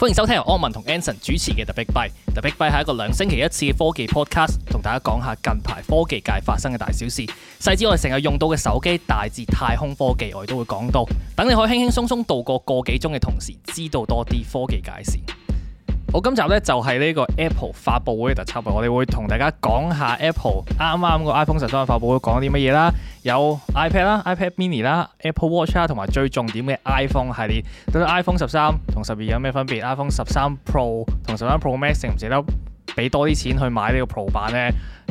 歡迎收聽由安文同 Anson 主持嘅《The Big Byte》。The Big Byte 係一個兩星期一次嘅科技 podcast，同大家講下近排科技界發生嘅大小事，細至我哋成日用到嘅手機、大致太空科技，我哋都會講到。等你可以輕輕鬆鬆度過個幾鐘嘅同時，知道多啲科技界事。我今集咧就係、是、呢個 Apple 發布會嘅特輯，我哋會同大家講下 Apple 啱啱個 iPhone 十三發布會講啲乜嘢啦，有 iPad 啦、iPad Mini 啦、Apple Watch 啦，同埋最重點嘅 iPhone 系列，到底 iPhone 十三同十二有咩分別？iPhone 十三 Pro 同十三 Pro Max 值唔值得俾多啲錢去買呢個 Pro 版呢？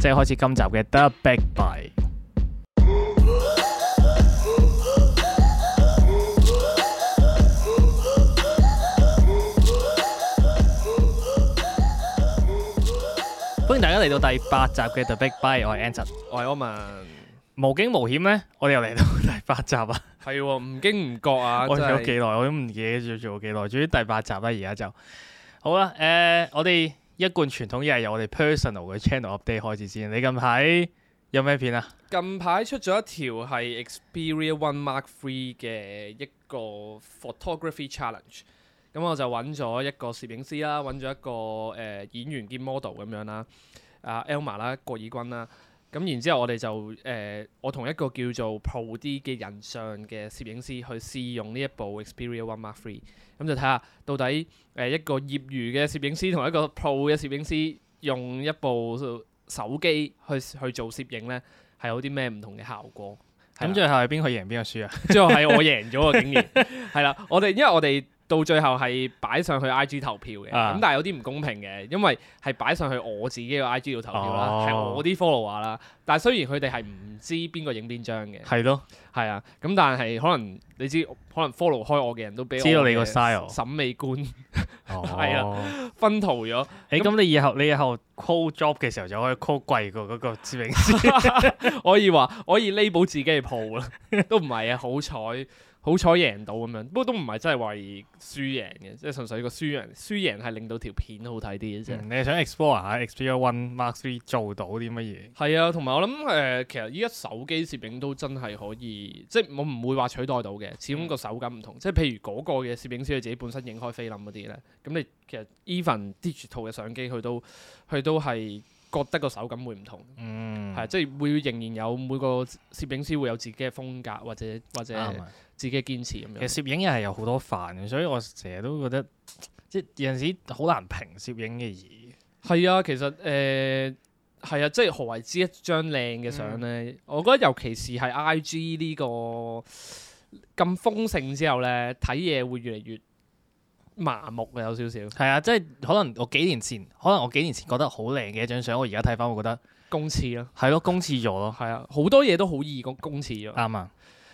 即係開始今集嘅 The Big Byte。歡迎大家嚟到第八集嘅 The Big Byte，我係 Anson，我係 Auman。無驚無險咧，我哋又嚟到第八集啊！係、哦，唔驚唔覺啊！ 我做咗幾耐，我都唔記得做咗幾耐。至於第八集啦，而家就好啦、啊。誒、呃，我哋一貫傳統，又係由我哋 personal 嘅 channel update 開始先。你近排有咩片啊？近排出咗一條係 Xperia One Mark Three 嘅一個 photography challenge。咁、嗯、我就揾咗一個攝影師啦，揾咗一個誒、呃、演員兼 model 咁樣啦，阿、啊、Elma 啦、啊，郭以君啦。咁、啊、然之後我哋就誒、呃，我同一個叫做 Pro 啲嘅人像嘅攝影師去試用呢一部 Xperia One Mark Three、嗯、咁就睇下到底誒一個業餘嘅攝影師同一個 Pro 嘅攝影師用一部手機去去做攝影呢，係有啲咩唔同嘅效果。咁最後係邊個贏邊個輸啊？最後係我贏咗喎，竟然係啦，我哋因為我哋。到最後係擺上去 I G 投票嘅，咁但係有啲唔公平嘅，因為係擺上去我自己嘅 I G 度投票啦，係、哦、我啲 follower 啦。但係雖然佢哋係唔知邊個影邊張嘅，係咯，係啊。咁但係可能你知，可能 follow 開我嘅人都俾我知道你個 style 審美觀，係啊、 嗯， 分圖咗。誒、欸，咁、嗯、你以後你以後 call job 嘅時候就可以 call 貴過嗰個知名攝影師， 可以話可以 label 自己嘅鋪啦，都唔係啊，好彩。好彩贏到咁樣，不過都唔係真係為輸贏嘅，即係純粹個輸贏，輸贏係令到條片好睇啲嘅啫。嗯嗯、你係想 explore 下 X Four 啊，X Pro One Max Three 做到啲乜嘢？係啊，同埋我諗誒、呃，其實依家手機攝影都真係可以，即係我唔會話取代到嘅，始終個手感唔同。嗯、即係譬如嗰個嘅攝影師佢自己本身影開菲林嗰啲咧，咁你其實 Even Digital 嘅相機佢都佢都係。覺得個手感會唔同，嗯，係即係會仍然有每個攝影師會有自己嘅風格，或者或者自己嘅堅持咁樣、嗯。其實攝影又係有好多範，所以我成日都覺得即係有陣時好難評攝影嘅嘢。係啊，其實誒係、呃、啊，即係何為之一張靚嘅相咧？嗯、我覺得尤其是係 I G 呢個咁豐盛之後咧，睇嘢會越嚟越～麻木嘅有少少，係啊，即係可能我幾年前，可能我幾年前覺得好靚嘅一張相，我而家睇翻，我覺得公廁咯，係咯，公廁咗咯，係啊，好多嘢都好易公公廁咗，啱啊吧。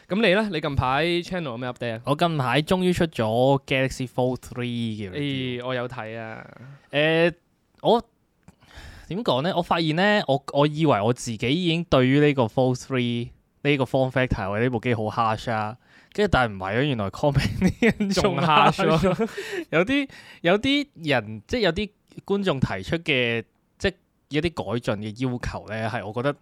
咁你咧？你近排 channel 有咩 update 啊？我近排終於出咗 Galaxy Fold Three 嘅，咦、哎？我有睇啊。誒、呃，我點講咧？我發現咧，我我以為我自己已經對於呢個 Fold Three 呢個 form factor 或呢部機好 harsh 啊。跟住但係唔係啊，原來 comment 呢，觀眾蝦咗有啲、即係、有啲人即係有啲觀眾提出嘅即係一啲改進嘅要求咧，係我覺得。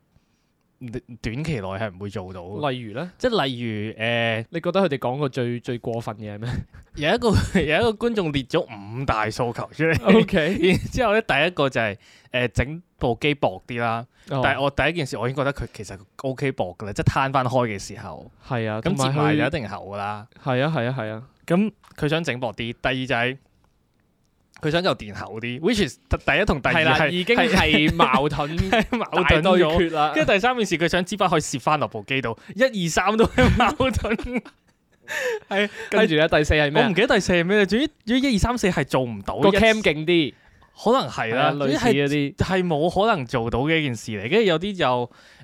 短期內係唔會做到。例如咧，即係例如誒，呃、你覺得佢哋講過最最過分嘅係咩？ 有一個有一個觀眾列咗五大訴求出嚟。O K，然之後咧，第一個就係誒整部機薄啲啦。Oh. 但係我第一件事，我已經覺得佢其實 O、OK、K 薄㗎啦，即係攤翻開嘅時候。係啊，咁折埋一定厚㗎啦。係啊，係啊，係啊。咁佢、啊嗯、想整薄啲，第二就係、係。佢想做電喉啲，which is 第一同第二已經係矛盾，矛盾都缺啦。跟住第三件事，佢想支筆可以摺翻落部機度，一二三都係矛盾。係，跟住咧，第四係咩？我唔記得第四係咩。總之一二三四係做唔到。個 cam 勁啲，可能係啦，類似嗰啲係冇可能做到嘅一件事嚟。跟住有啲就，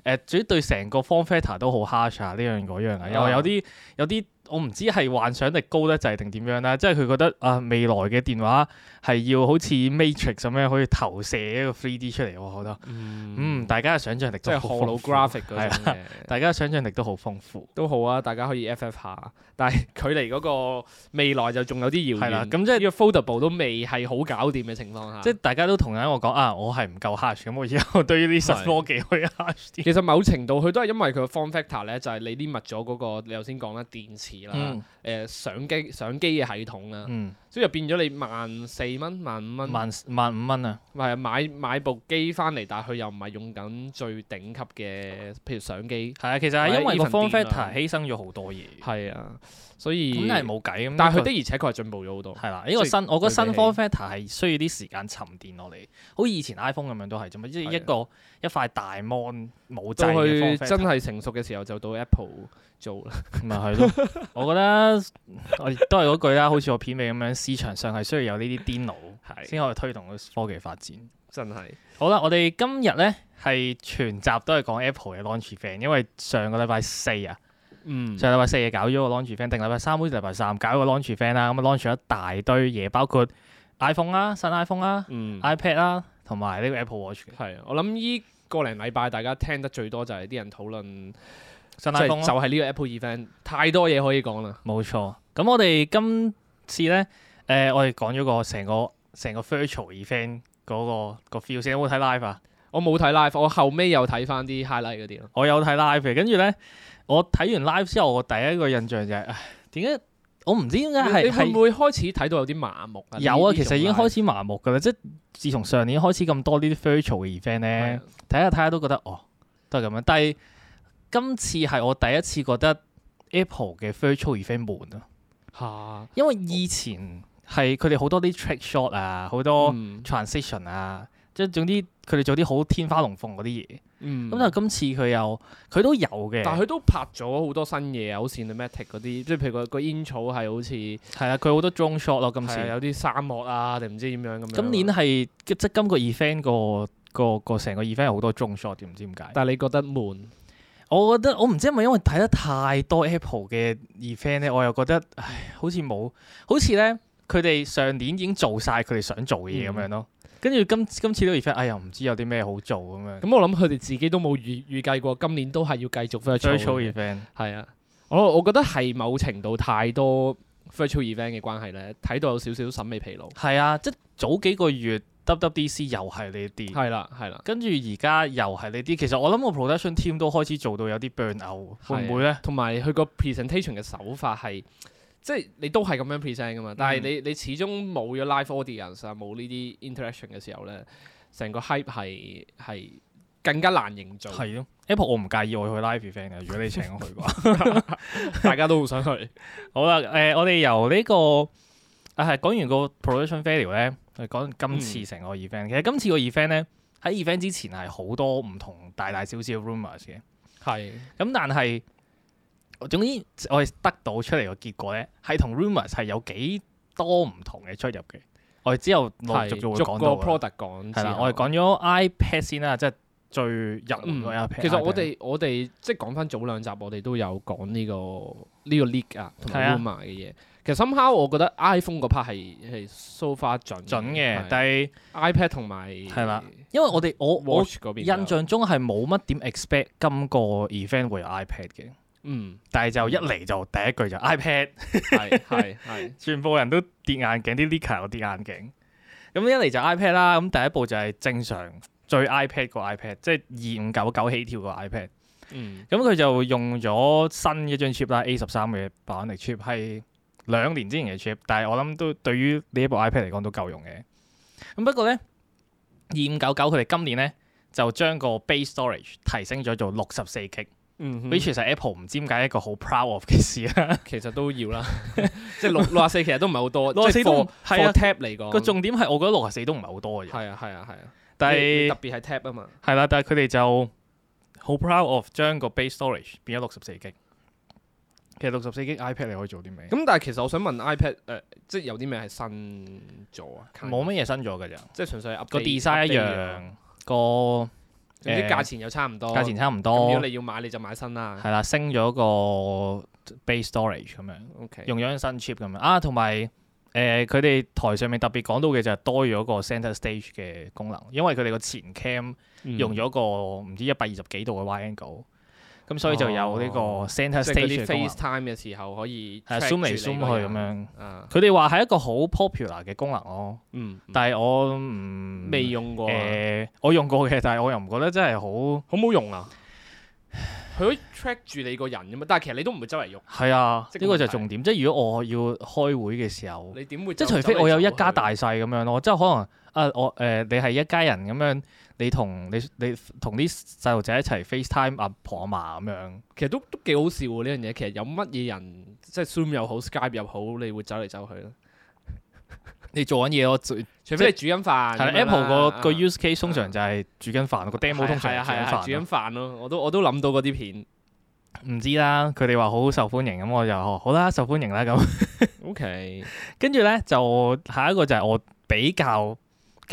誒，總之對成個 form factor 都好 harsh 啊！呢樣嗰樣啊，又有啲有啲。我唔知係幻想力高得滯定點樣啦，即係佢覺得啊、呃、未來嘅電話係要好似 Matrix 咁樣可以投射一個 3D 出嚟喎，好多嗯，嗯，大家嘅想像力即係 holographic 嗰種嘅，大家想像力都好豐富，都好啊，大家可以 FF 下，但係距離嗰個未來就仲有啲遙遠，咁、啊、即係 Foldable 都未係好搞掂嘅情況下，即係大家都同樣我講啊，我係唔夠 touch 咁，我以後對呢啲新科技可以 touch 啲，其實某程度佢都係因為佢嘅 form factor 咧，就係你 limit 咗嗰、嗰個，你頭先講啦電池。啦，誒、嗯呃、相機相機嘅系統啦。嗯。所以就變咗你萬四蚊、萬五蚊、萬萬五蚊啊！係啊，買買部機翻嚟，但係佢又唔係用緊最頂級嘅，譬如相機。係啊，其實係因為個 Form Factor 犧牲咗好多嘢。係啊，所以咁係冇計。但係佢的而且確係進步咗好多。係啦，呢個新我覺得新 Form Factor 係需要啲時間沉澱落嚟，好似以前 iPhone 咁樣都係啫嘛。即係一個一塊大 mon 冇製嘅真係成熟嘅時候就到 Apple 做啦。咪係咯，我覺得都係嗰句啦，好似我片尾咁樣。市場上係需要有呢啲癲佬，係先可以推動科技發展。真係好啦，我哋今日呢係全集都係講 Apple 嘅 launch fan，因為上個禮拜四啊，嗯，上禮拜四嘢搞咗個 launch fan，定禮拜三好似禮拜三搞一個 launch fan 啦、嗯，咁啊 launch 咗一大堆嘢，包括 iPhone 啦、啊、新 iPhone 啦、啊、嗯、iPad 啦、啊，同埋呢個 Apple Watch。係我諗呢個零禮拜大家聽得最多就係啲人討論新 iPhone、啊、就係呢個 Apple event，太多嘢可以講啦。冇錯，咁我哋今次呢。誒、呃，我哋講咗個成個成個 virtual event 嗰、那個個 feel 先，有冇睇 live 啊？我冇睇 live，我後尾又睇返啲 highlight 嗰啲咯。我有睇 live 嘅，跟住咧，我睇完 live 之後，我第一個印象就係、是，點解我唔知點解係你，你會，會開始睇到有啲麻木啊？有啊，其實已經開始麻木㗎喇，即係自從上年開始咁多呢啲 virtual event 咧、嗯，睇下睇下都覺得哦，都係咁樣。但係今次係我第一次覺得 Apple 嘅 virtual event 悶啊！吓，因為以前、嗯。係佢哋好多啲 track shot 啊，好多 transition 啊，嗯、即係總之佢哋做啲好天花龍鳳嗰啲嘢。咁、嗯、但係今次佢又佢都有嘅，但係佢都拍咗好多新嘢、嗯、啊，好似 cinematic 啲，即係譬如個個煙草係好似係啊，佢好多 drone shot 咯。今次、啊、有啲沙漠啊，定唔知點樣咁樣。今、嗯、年係即今個 event 個個個成個 event 有好多 drone shot，唔知點解。但係你覺得悶？我覺得我唔知係咪因為睇得太多 Apple 嘅 event 咧，我又覺得唉，好似冇，好似咧。佢哋上年已經做晒佢哋想做嘅嘢咁樣咯，跟住今今次都 event，哎呀唔知有啲咩好做咁樣。咁、嗯、我諗佢哋自己都冇預預計過今年都係要繼續 virtual event，係啊，我我覺得係某程度太多 virtual event 嘅關係咧，睇到有少，少少審美疲勞。係啊，即早幾個月 WWDC 又係呢啲，係啦係啦，跟住而家又係呢啲。其實我諗我 production team 都開始做到有啲 burnout，、啊、會唔會咧？同埋佢個 presentation 嘅手法係。即係你都係咁樣 present 噶嘛，但係你你始終冇咗 live audience 啊，冇呢啲 interaction 嘅時候咧，成個 hype 係係更加難營造。係咯，Apple 我唔介意我去 live event 嘅，如果你請我去嘅話， 大家都好想去。 好啦，誒、呃，我哋由呢、呢個啊係講完個 production failure 咧，講今次成個 event、嗯。其實今次個 event 咧，喺 event 之前係好多唔同大大小小嘅 rumors 嘅，係咁的、嗯，但係。總之我哋得到出嚟個結果咧，係、um、同 rumors 係有幾多唔同嘅出入嘅。我哋之後陸續是會講到 product 啦，我哋講咗 iPad 先啦，即係最入唔入。其實我哋我哋即係講翻早兩集，我哋都有講呢、這個呢、這個 leak 啊，同埋 rumor 嘅嘢。的其實 somehow，我覺得 iPhone 嗰 part 係係 so far 準準嘅的，的但係 iPad 同埋係啦，的因為我哋我我印象中係冇乜點 expect 今個 event 會有 iPad 嘅。嗯，但係就一嚟就第一句就 iPad，係係係、嗯， 全部人都跌眼鏡，啲 leaker 跌眼鏡。咁一嚟就 iPad 啦，咁第一部就係正常最 iPad 個 iPad，即係二五九九起跳個 iPad。咁佢、嗯、就用咗新一張 chip 啦，A 十三嘅 Bionic chip 係兩年之前嘅 chip，但係我諗都對於呢一部 iPad 嚟講都夠用嘅。咁不過呢，二五九九佢哋今年呢，就將個 base storage 提升咗做六十四 G。嗯，所以其實 Apple 唔知點解一個好 proud of 嘅事啦。其實都要啦，即係六六十四其實都唔係好多，六十四 four tap 嚟講。個重點係我覺得六十四都唔係好多嘅嘢。係啊係啊係啊，但係特別係 tap 啊嘛。係啦，但係佢哋就好 proud of 將個 base storage 變咗六十四 G。其實六十四 G iPad 你可以做啲咩？咁但係其實我想問 iPad 誒，即係有啲咩係新咗啊？冇乜嘢新咗嘅咋？即係純粹個 design 一樣個。啲價錢又差唔多，呃，價錢差唔多。如果你要買你就買新啦。係啦，升咗個 base storage 咁樣，Okay，用咗新 chip 咁樣。啊，同埋誒佢哋台上面特別講到嘅就係多咗個 center stage 嘅功能，因為佢哋個前 cam 用咗個唔知一百二十幾度嘅 angle 咁所以就有呢個 Center Stage FaceTime 嘅時候可以 zoom 嚟 zoom 去咁樣。佢哋話係一個好 popular 嘅功能咯。嗯，但係我未用過。誒，我用過嘅，但係我又唔覺得真係好好冇用啊。佢可以 track 住你個人㗎嘛，但係其實你都唔會周圍用。係啊，呢個就係重點。即係如果我要開會嘅時候，你點會？即係除非我有一家大細咁樣咯，即係可能誒我誒你係一家人咁樣。你同你你同啲細路仔一齊 FaceTime 阿婆阿嫲咁樣，其實都都幾好笑喎呢樣嘢。其實有乜嘢人，即係 Zoom 又好，Skype 又好，你會走嚟走去咧？ 你做緊嘢咯，我最除非你煮緊飯,、啊、飯。Apple 個個 use case 通常就係煮緊飯，啊、個 demo 通常煮緊飯。煮緊飯咯，我都我都諗到嗰啲片。唔知啦，佢哋話好好受歡迎，咁我就好啦，受歡迎啦咁。OK， 跟住咧就下一個就係我比較。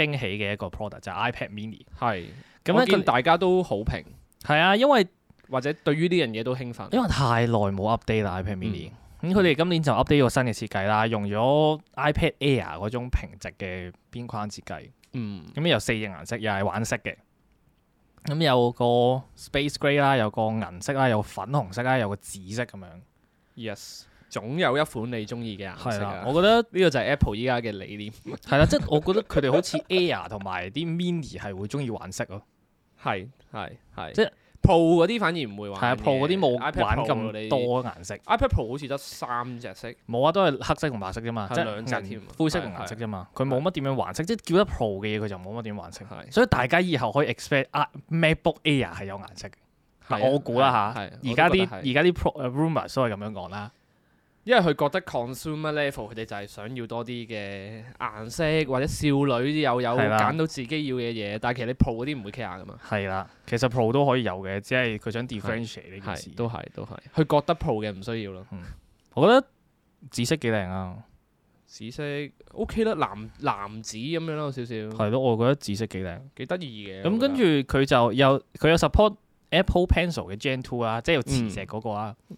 驚喜嘅一個 product 就係、係、iPad Mini，係咁咧，係嗯、見大家都好評。係啊，因為或者對於呢樣嘢都興奮，因為太耐冇 update 啦 iPad Mini。咁佢哋今年就 update 個新嘅設計啦，用咗 iPad Air 嗰種平直嘅邊框設計。嗯，咁、嗯、有四隻顏色，又係玩色嘅。咁、嗯嗯、有個 Space Grey 啦，有個銀色啦，有個粉紅色啦，有個紫色咁樣。Yes。總有一款你中意嘅顏色啊。我覺得呢個就係 Apple 依家嘅理念。係啦，即係我覺得佢哋好似 Air 同埋啲 Mini 係會中意玩色咯。係係係，即係 Pro 嗰啲反而唔會玩。係啊，Pro 嗰啲冇玩咁多顏色。iPad Pro 好似得三隻色，冇啊，都係黑色同白色啫嘛，即係兩隻灰色同顏色啫嘛，佢冇乜點樣換色玩色。即係叫得 Pro 嘅嘢，佢就冇乜點玩色。所以大家以後可以 expect MacBook Air 係有顏色嘅。嗱，我估啦嚇，而家啲而家啲 Pro rumors 所都係咁樣講啦。因為佢覺得 consumer level，佢哋就係想要多啲嘅顏色或者少女又有揀到自己要嘅嘢，的但係其實你 pro 嗰啲唔會 care 㗎嘛。係啦，其實 pro 都可以有嘅，只係佢想 differentiate、er、呢件事。都係都係，佢覺得 pro 嘅唔需要咯、嗯。我覺得紫色幾靚啊！紫色 OK 啦，藍藍紫咁樣咯，少少。係咯，我覺得紫色幾靚，幾得意嘅。咁、嗯、跟住佢就有佢有 support Apple pencil 嘅 Gen Two 啊，即係有磁石嗰、那個啊。嗯。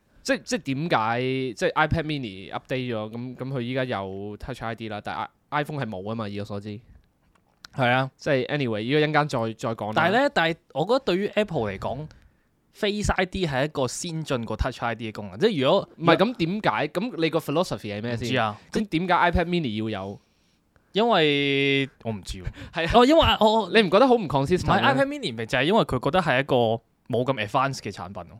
即係即點解即係 iPad Mini update 咗咁咁佢依家有 Touch ID 啦，但係 i iPhone 係冇啊嘛，以我所知係啊，即係 anyway，一陣間再再講，但係呢，但係我覺得對於 Apple 嚟講，Face ID 係一個先進過 Touch ID 嘅功能，即係如果唔係咁點解咁你個 philosophy 係咩先？知啊，點解 iPad Mini 要有？因為我唔知，係 因為我你唔覺得好唔 consistent？iPad Mini 咪就係因為佢覺得係一個冇咁 advanced 嘅產品咯。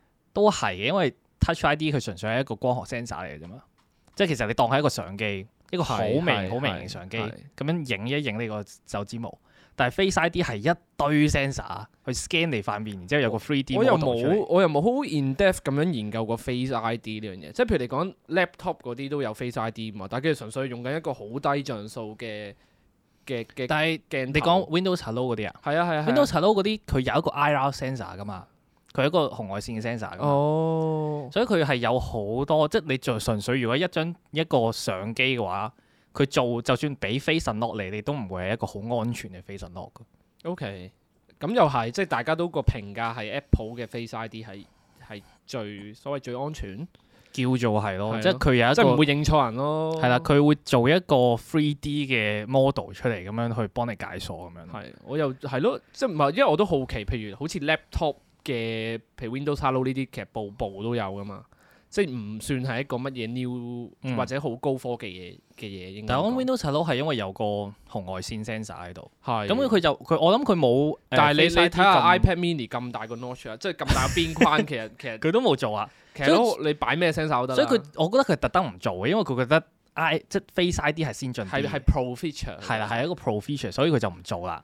都係嘅，因為 Touch ID 佢純粹係一個光學 sensor 嚟嘅啫嘛，即係其實你當係一個相機，是一個好明、好明嘅相機，咁是樣影一影呢個手指模。但係 Face ID 係一堆 sensor 去 scan 你塊面，然之後有個 3D、哦、我又冇我又冇好 in depth 咁樣研究過 Face ID 呢樣嘢，即係譬如你講 laptop 嗰啲都有 Face ID 嘛，但係佢純粹用緊一個好低像素嘅嘅嘅低鏡。但你講 Windows Hello 嗰啲啊？係啊係啊，啊，Windows Hello 嗰啲佢有一個 IR sensor 噶嘛。佢係一個紅外線嘅 sensor，哦，所以佢係有好多，即係你做純粹如果一張一個相機嘅話，佢做就算俾 face unlock 嚟，你都唔會係一個好安全嘅 face unlock。OK，咁又係，即係大家都個評價係 Apple 嘅 Face ID 係係最所謂最安全，叫做係咯，咯即係佢有一即係唔會認錯人咯。係啦，佢會做一個 three D 嘅 model 出嚟，咁樣去幫你解鎖咁樣。係，我又係咯，即係唔係因為我都好奇，譬如好似 laptop。嘅，譬如 Windows Hello 呢啲，其實部部都有噶嘛，即係唔算係一個乜嘢 new 或者好高科技嘢嘅嘢。但係我 Windows Hello 係因為有個紅外線 sensor 喺度，咁佢就佢我諗佢冇。但係你睇下 iPad Mini 咁大個 notch，即係咁大個邊框，其實其實佢都冇做啊。其實你擺咩 sensor 都得。所以佢我覺得佢特登唔做，因為佢覺得，唉，即 face ID 係先進，係係 pro feature，係啦，係一個 pro feature，所以佢就唔做啦。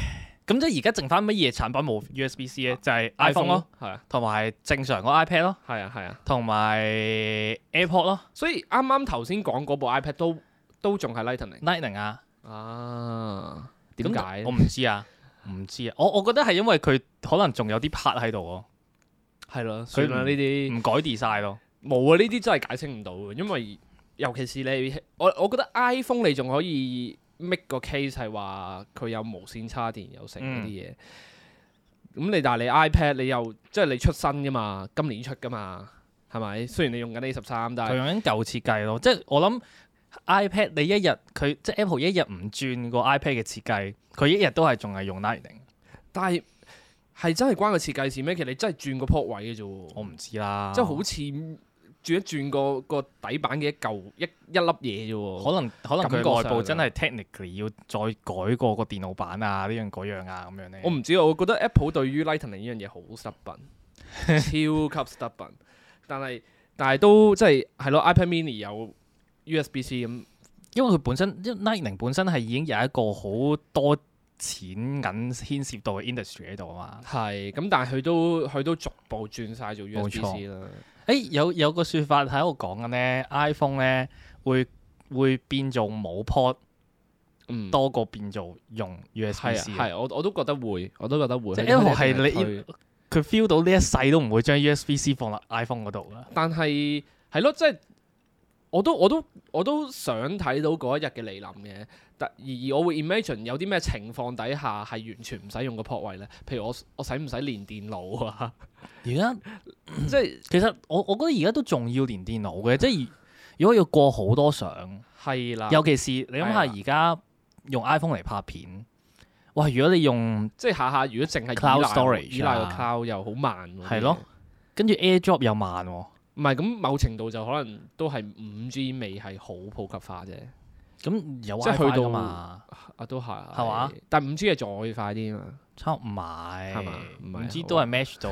咁即係而家剩翻乜嘢產品冇 USB-C 咧？就係、係啊、iPhone 咯，同埋正常個 iPad 咯，係啊係啊，同埋 AirPod 咯。啊 Air 啊、所以啱啱頭先講嗰部 iPad 都都仲係 Lightning。Lightning 啊？啊？點解？我唔知啊，唔知啊。我我覺得係因為佢可能仲有啲 part 喺度喎。係咯，所以呢啲唔改 design 咯。冇啊，呢啲真係解釋唔到嘅。因為尤其是你，我我，我覺得 iPhone 你仲可以。make 個 case 係話佢有無線叉電有成嗰啲嘢，咁、嗯、你但係你 iPad 你又即係、就是、你出新噶嘛，今年出噶嘛，係咪？雖然你用緊 A 十三，但係佢用緊舊設計咯。即係我諗 iPad 你一日佢即係 Apple 一日唔轉個 iPad 嘅設計，佢一日都係仲係用 Lightning。但係係真係關個設計事咩？其實你真係轉個 port 位嘅啫，我唔知啦。即係好似。轉一轉個個底板嘅一嚿一一粒嘢啫，可能可能佢內部真係 technically 要再改過個電腦板啊，呢樣嗰樣啊咁樣咧。我唔知啊，我覺得 Apple 對於 Lightning 呢樣嘢好 stubborn， 超級 stubborn。但係但係都即係係咯，iPad Mini 有 USB C 咁，因為佢本身因 Lightning 本身係已經有一個好多錢銀牽涉到嘅 industry 喺度啊嘛。係咁，但係佢都佢都逐步轉晒做 USB C 啦。誒、欸，有有個說法喺度講嘅咧，iPhone 咧會會變做冇 port，多過變做用 USB、嗯、啊，係、啊、我我都覺得會，我都覺得會。即係 Apple 係你佢 feel 到呢一世都唔會將 USB C 放落 iPhone 嗰度啦。但係係咯，即係我都我都我都想睇到嗰一日嘅來臨嘅。但而而我會 imagine 有啲咩情況底下係完全唔使用個 port 位咧？譬如我我使唔使連電腦啊？ 而家即係其實我我覺得而家都仲要連電腦嘅，即係如果要過好多相，係啦，尤其是你諗下而家用 iPhone 嚟拍片，哇！如果你用即係下下，如果淨係 cloud storage，依賴個 cloud 又好慢，係咯，跟住 AirDrop 又慢，唔係咁某程度就可能都係五 G 未係好普及化啫，咁有即係去到嘛？啊，都係係嘛？但五 G 係再快啲嘛？差唔多，五 G 都係 match 到。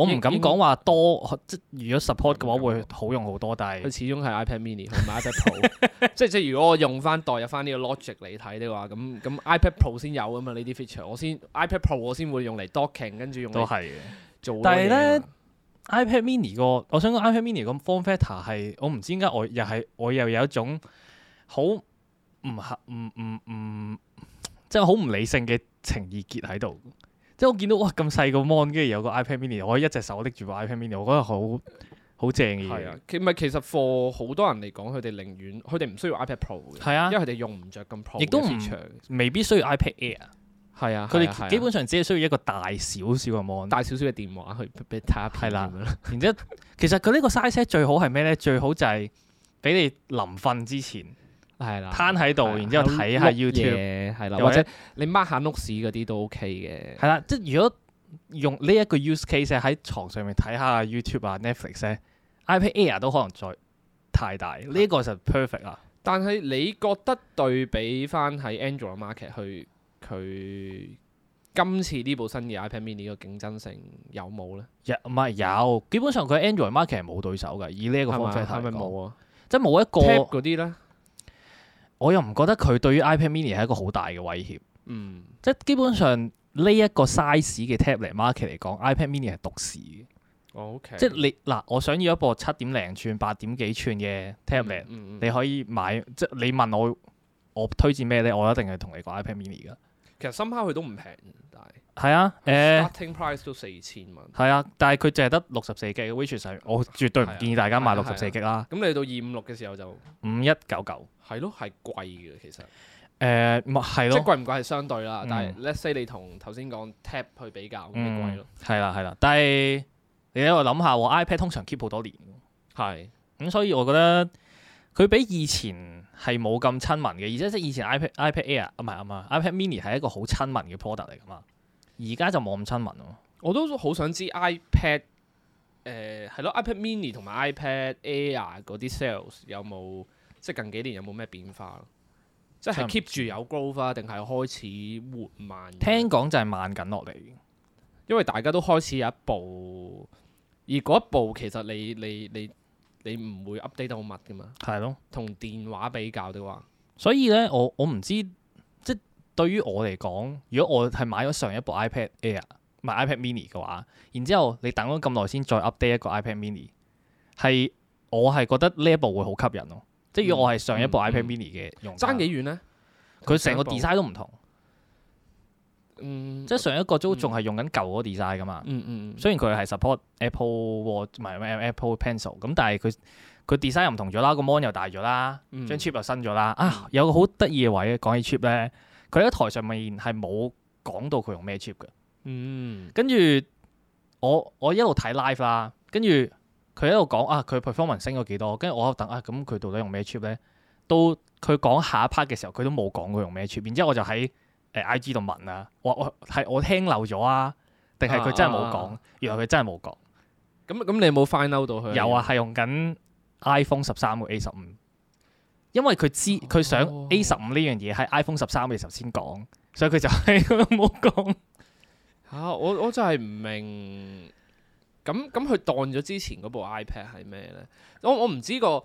我唔敢講話多，即如果 support 嘅話會好用好多，但係佢始終係 iPad Mini 同埋 iPad Pro， 即係即係如果我用翻代入翻呢個 logic 嚟睇嘅話，咁咁 iPad Pro 先有啊嘛呢啲 feature，我先 iPad Pro 我先會用嚟 Docking，跟住用。都係嘅。但係咧 iPad Mini 個，我想講 iPad Mini 個 Form Factor 係，我唔知點解我又係我又有一種好唔合唔唔唔，即係好唔理性嘅情意結喺度。即係我見到哇咁細個 mon，跟住有個 iPad mini，我可以一隻手拎住部 iPad mini，我覺得好好正嘅嘢。係啊，其唔係其實貨好多人嚟講，佢哋寧願佢哋唔需要 iPad Pro 嘅。係啊，因為佢哋用唔着咁 pro 嘅市場，未必需要 iPad Air。係啊，佢哋、啊啊、基本上只係需要一個大少少嘅 mon，大少少嘅電話去俾你睇一睇啦，然之後其實佢呢個 size 最好係咩咧？最好就係俾你臨瞓之前。係啦，攤喺度，的然之後睇下 YouTube，係啦，或者你 mark 下 notes 嗰啲都 OK 嘅。係啦，即係如果用呢一個 use case 喺床上面睇下 YouTube 啊、Netflix 咧、啊、，iPad Air 都可能再太大，呢的個就 perfect 啦。但係你覺得對比翻喺 Android Market 去佢今次呢部新嘅 iPad Mini 個競爭性有冇咧？有唔係有？基本上佢 Android Market 係冇對手嘅，以呢一個方式睇，係咪冇啊？即係冇一個啲咧。我又唔覺得佢對於 iPad mini 係一個好大嘅威脅，嗯、即係基本上呢一、這個 size 嘅 tablet market 嚟講，iPad mini 係獨市，哦、okay、即係你嗱，我想要一部七點零寸、八點幾寸嘅 tablet，、嗯嗯嗯、你可以買，即係你問我我推薦咩呢？我一定係同你講 iPad mini 噶，其實深刻佢都唔平，但係。係啊，誒、呃、starting price 都四千蚊。係啊，但係佢淨係得六十四 G，Which is 我絕對唔建議大家買六十四 G 啦。咁你、啊、到二五六嘅時候就五一九九。係咯，係、啊、貴嘅其實。誒、呃，咪係咯，即係貴唔貴係相對啦。嗯、但係 Let's say 你同頭先講 Tab 去比較，咪貴咯。係啦、嗯，係啦、啊啊，但係你喺度諗下喎，iPad 通常 keep 好多年。係是，咁、嗯、所以我覺得佢比以前係冇咁親民嘅，而且即係以前 iPad iPad Air 唔係啱啊，iPad Mini 係一個好親民嘅 product 嚟噶嘛。而家就冇咁親民 Pad,、呃、咯。我都好想知 iPad 誒係咯 iPad mini 同埋 iPad Air 嗰啲 sales 有冇，即係近幾年有冇咩變化咯？即係 keep 住有 growth 啊，定係開始緩慢？聽講就係慢緊落嚟，因為大家都開始有一部，而嗰一部其實你你你你唔會 update 到好密㗎嘛。係咯，同電話比較的話，所以咧我我唔知。對於我嚟講，如果我係買咗上一部 iPad Air，唔係 iPad Mini 嘅話，然之後你等咗咁耐先再 update 一個 iPad Mini，係我係覺得呢一部會好吸引咯。即係如果我係上一部 iPad Mini 嘅，用、嗯、爭、嗯、幾、嗯、遠呢？佢成個 design 都唔同。即係上一個都仲係用緊舊嗰 design 噶嘛。嗯，雖然佢係 support Apple Watch 唔係 Apple Pencil 咁，但係佢佢 design 又唔同咗啦，個 mon 又大咗啦，將 chip 又新咗啦。啊，有個好得意嘅位，講起 chip 咧。佢喺台上面係冇講到佢用咩 chip 嘅，跟住我、啊、我一路睇 live 啦，跟住佢一路講啊，佢 performance 升咗幾多，跟住我喺度等啊，咁佢到底用咩 chip 咧？到佢講下一 part 嘅時候，佢都冇講佢用咩 chip。然之後我就喺誒 IG 度問啊，話我係我，我聽漏咗啊，定係佢真係冇講？原來佢真係冇講。咁咁你有冇 find out 到佢？有啊，係用緊 iPhone 十三個 A 十五。因為佢知佢想 A 十五呢樣嘢喺 iPhone 十三嘅時候先講，所以佢就係冇講。吓、 啊，我我真係唔明。咁咁佢當咗之前嗰部 iPad 係咩咧？我我唔知個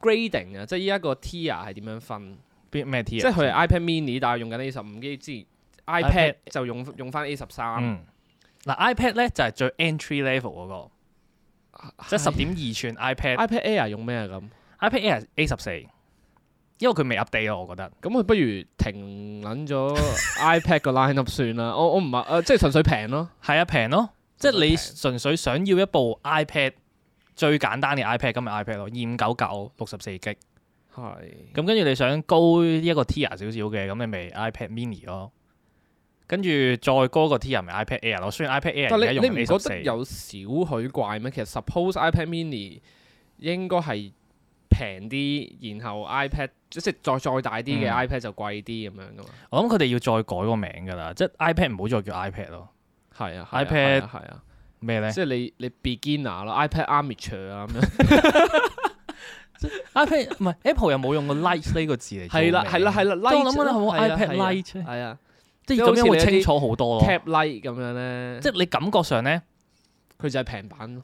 grading 啊，即係依一個 tier 係點樣分？咩麼 tier？即係佢係 iPad mini，但係用緊 A 十五。跟住之前 iPad 就用用翻 A 十三。嗱 iPad 咧就係最 entry level 嗰、那個，即係十點二寸 iPad 是。iPad Air 用咩咁？iPad Air A 十四。因為佢未 update 我覺得，嗯，咁佢不如停撚咗 iPad 個 line up 算啦。 我我唔係即係純粹平咯，係啊平咯，即係你純粹想要一部 iPad 最簡單嘅 iPad，今日 iPad 咯，二五九九六十四 G，係。咁跟住你想高，個少少你、啊、高一個 tier 少少嘅，咁你咪 iPad Mini 咯。跟住再高個 tier 咪 iPad Air 咯。雖然 iPad Air 而家用，你唔覺得有少許怪咩？其實 Suppose iPad Mini 應該係。平啲，然後 iPad 即係再再大啲嘅 iPad 就貴啲咁樣噶嘛。我諗佢哋要再改個名噶 啦，即係 iPad 唔好再叫 iPad 咯。係啊，iPad 係啊，咩咧？即係你你 Beginner 咯，iPad Amateur 啊咁樣。iPad 唔係 Apple 又冇用個 Lite 呢個字嚟。係啦係啦係啦，啦 Light 我諗啊，係咪 iPad Lite？係啊，即係咁樣會清楚多好多咯。Tap Lite g h 咁樣咧，即係你感覺上咧，佢就係平板咯。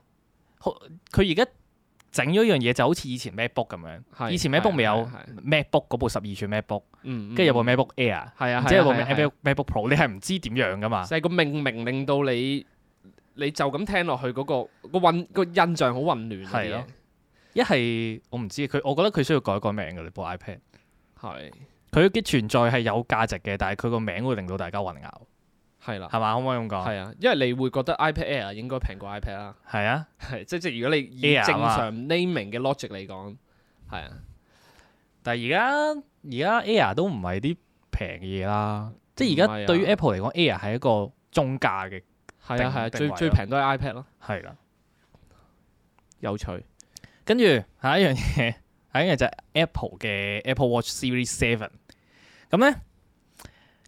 好，佢而家。整咗一,一樣嘢就好似以前 MacBook 咁樣，以前 MacBook 未有 MacBook 嗰部十二寸 MacBook，跟住有部 MacBook Air，即係、啊、部 MacBook Pro，、啊啊、你係唔知點樣噶嘛？就係個命名令到你，你就咁聽落去嗰、嗰個、嗰個嗰個印象好混亂。係咯、啊，一係我唔知佢，我覺得佢需要改個名噶你部 iPad。係佢嘅存在係有價值嘅，但係佢個名會令到大家混淆。係啦，係嘛？可唔可以咁講？係啊，因為你會覺得 iPad Air 應該平過 iPad 啦。係啊，係 即即，如果你以正常 naming 嘅 logic 嚟講，係 Air 啊，啊。但係而家而家 Air 都唔係啲平嘅嘢啦。啊、即係而家對於 Apple 嚟講，Air 係一個中價嘅。係啊係啊，啊，最最平都係 iPad 咯。係啦。啊、有趣。跟住下一樣嘢，下一樣就係 Apple 嘅 Apple Watch Series Seven。咁咧，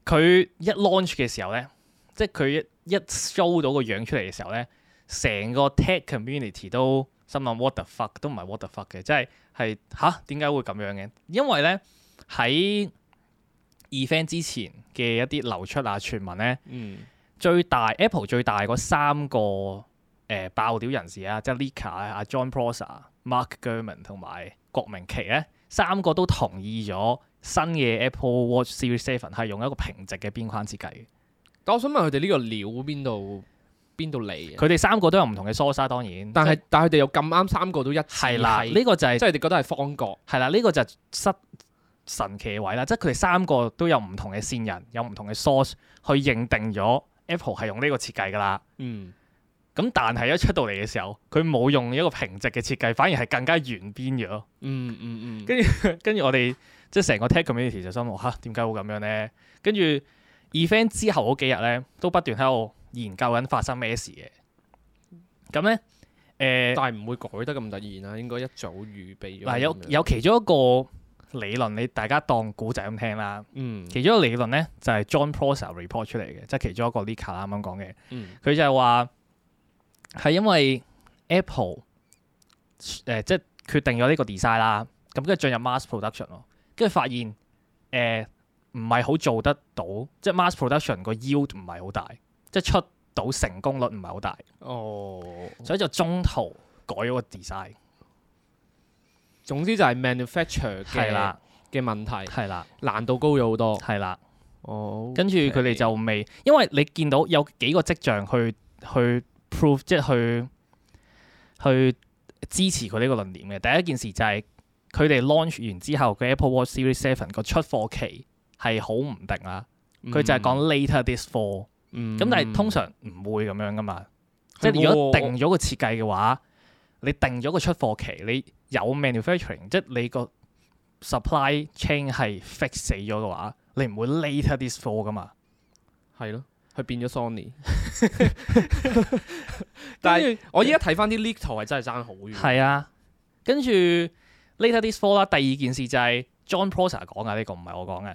佢一 launch 嘅時候咧。即係佢一 show 到個樣出嚟嘅時候呢，成個 Tech community 都心諗：What the fuck，都唔係 What the fuck 嘅。即係係，吓，點、啊、解會噉樣嘅？因為呢，喺 event 之前嘅一啲流出啊，傳聞呢，嗯、最大 Apple 最大嗰三個、呃、爆料人士 ika, 啊，即係 Leaker、John Prosser、Mark Gurman 同埋郭明琪呢，三個都同意咗新嘅 Apple Watch Series 7，係用一個平直嘅邊框設計。但我想問佢哋呢個料邊度邊度嚟？佢哋三個都有唔同嘅 source，當然。但係是、就是、但係佢哋又咁啱三個都一齊。係啦的，呢個就係即係你覺得係方角。係啦，呢、這個就失神奇嘅位啦，即係佢哋三個都有唔同嘅線人，有唔同嘅 source 去認定咗 Apple 係用呢個設計㗎啦。咁、嗯、但係一出到嚟嘅時候，佢冇用一個平直嘅設計，反而係更加圓邊嘅咯、嗯嗯嗯。跟住跟住，我哋即係成個 tech community 就心話「點解會咁樣呢？」跟住。Event 之後嗰幾日咧，都不斷喺度研究緊發生咩事嘅。咁咧，誒、呃，但係唔會改得咁突然啦，應該一早預備咗。嗱、呃，有有其中一個理論，你大家當古仔咁聽啦。嗯、其中一個理論咧，就係、是、John Prosser report 出嚟嘅，即係其中一個 Lika 啱啱講嘅。佢就係話，係因為 Apple 誒、呃，即係決定咗呢個 design 啦，咁跟住進入 mass production 咯，跟住發現誒、呃唔係好做得到，即係 mass production 個 yield 唔係好大，即係出到成功率唔係好大哦。Oh. 所以就中途改咗個 design。總之就係 manufacture 嘅嘅問題，係啦，難度高咗好多，係啦。哦，oh. 跟住佢哋就未，Okay. 因為你見到有幾個跡象去去 prove，即係去去支持佢呢個論點嘅。第一件事就係佢哋 launch 完之後嘅 Apple Watch Series 7個出貨期。係好唔定啦，佢就係講 later this fall 咁，嗯、但係通常唔會咁樣噶嘛。的即係如果定咗個設計嘅話，我你定咗個出貨期，你有 manufacturing，即係你個 supply chain 係 fix 死咗嘅話，你唔會 this、啊、later this fall 噶嘛。係咯，佢變咗 Sony。但係我依家睇翻啲 leak 圖係真係爭好遠。係啊，跟住 later this fall 啦。第二件事就係 John Prosser 講嘅呢、呢個，唔係我講嘅。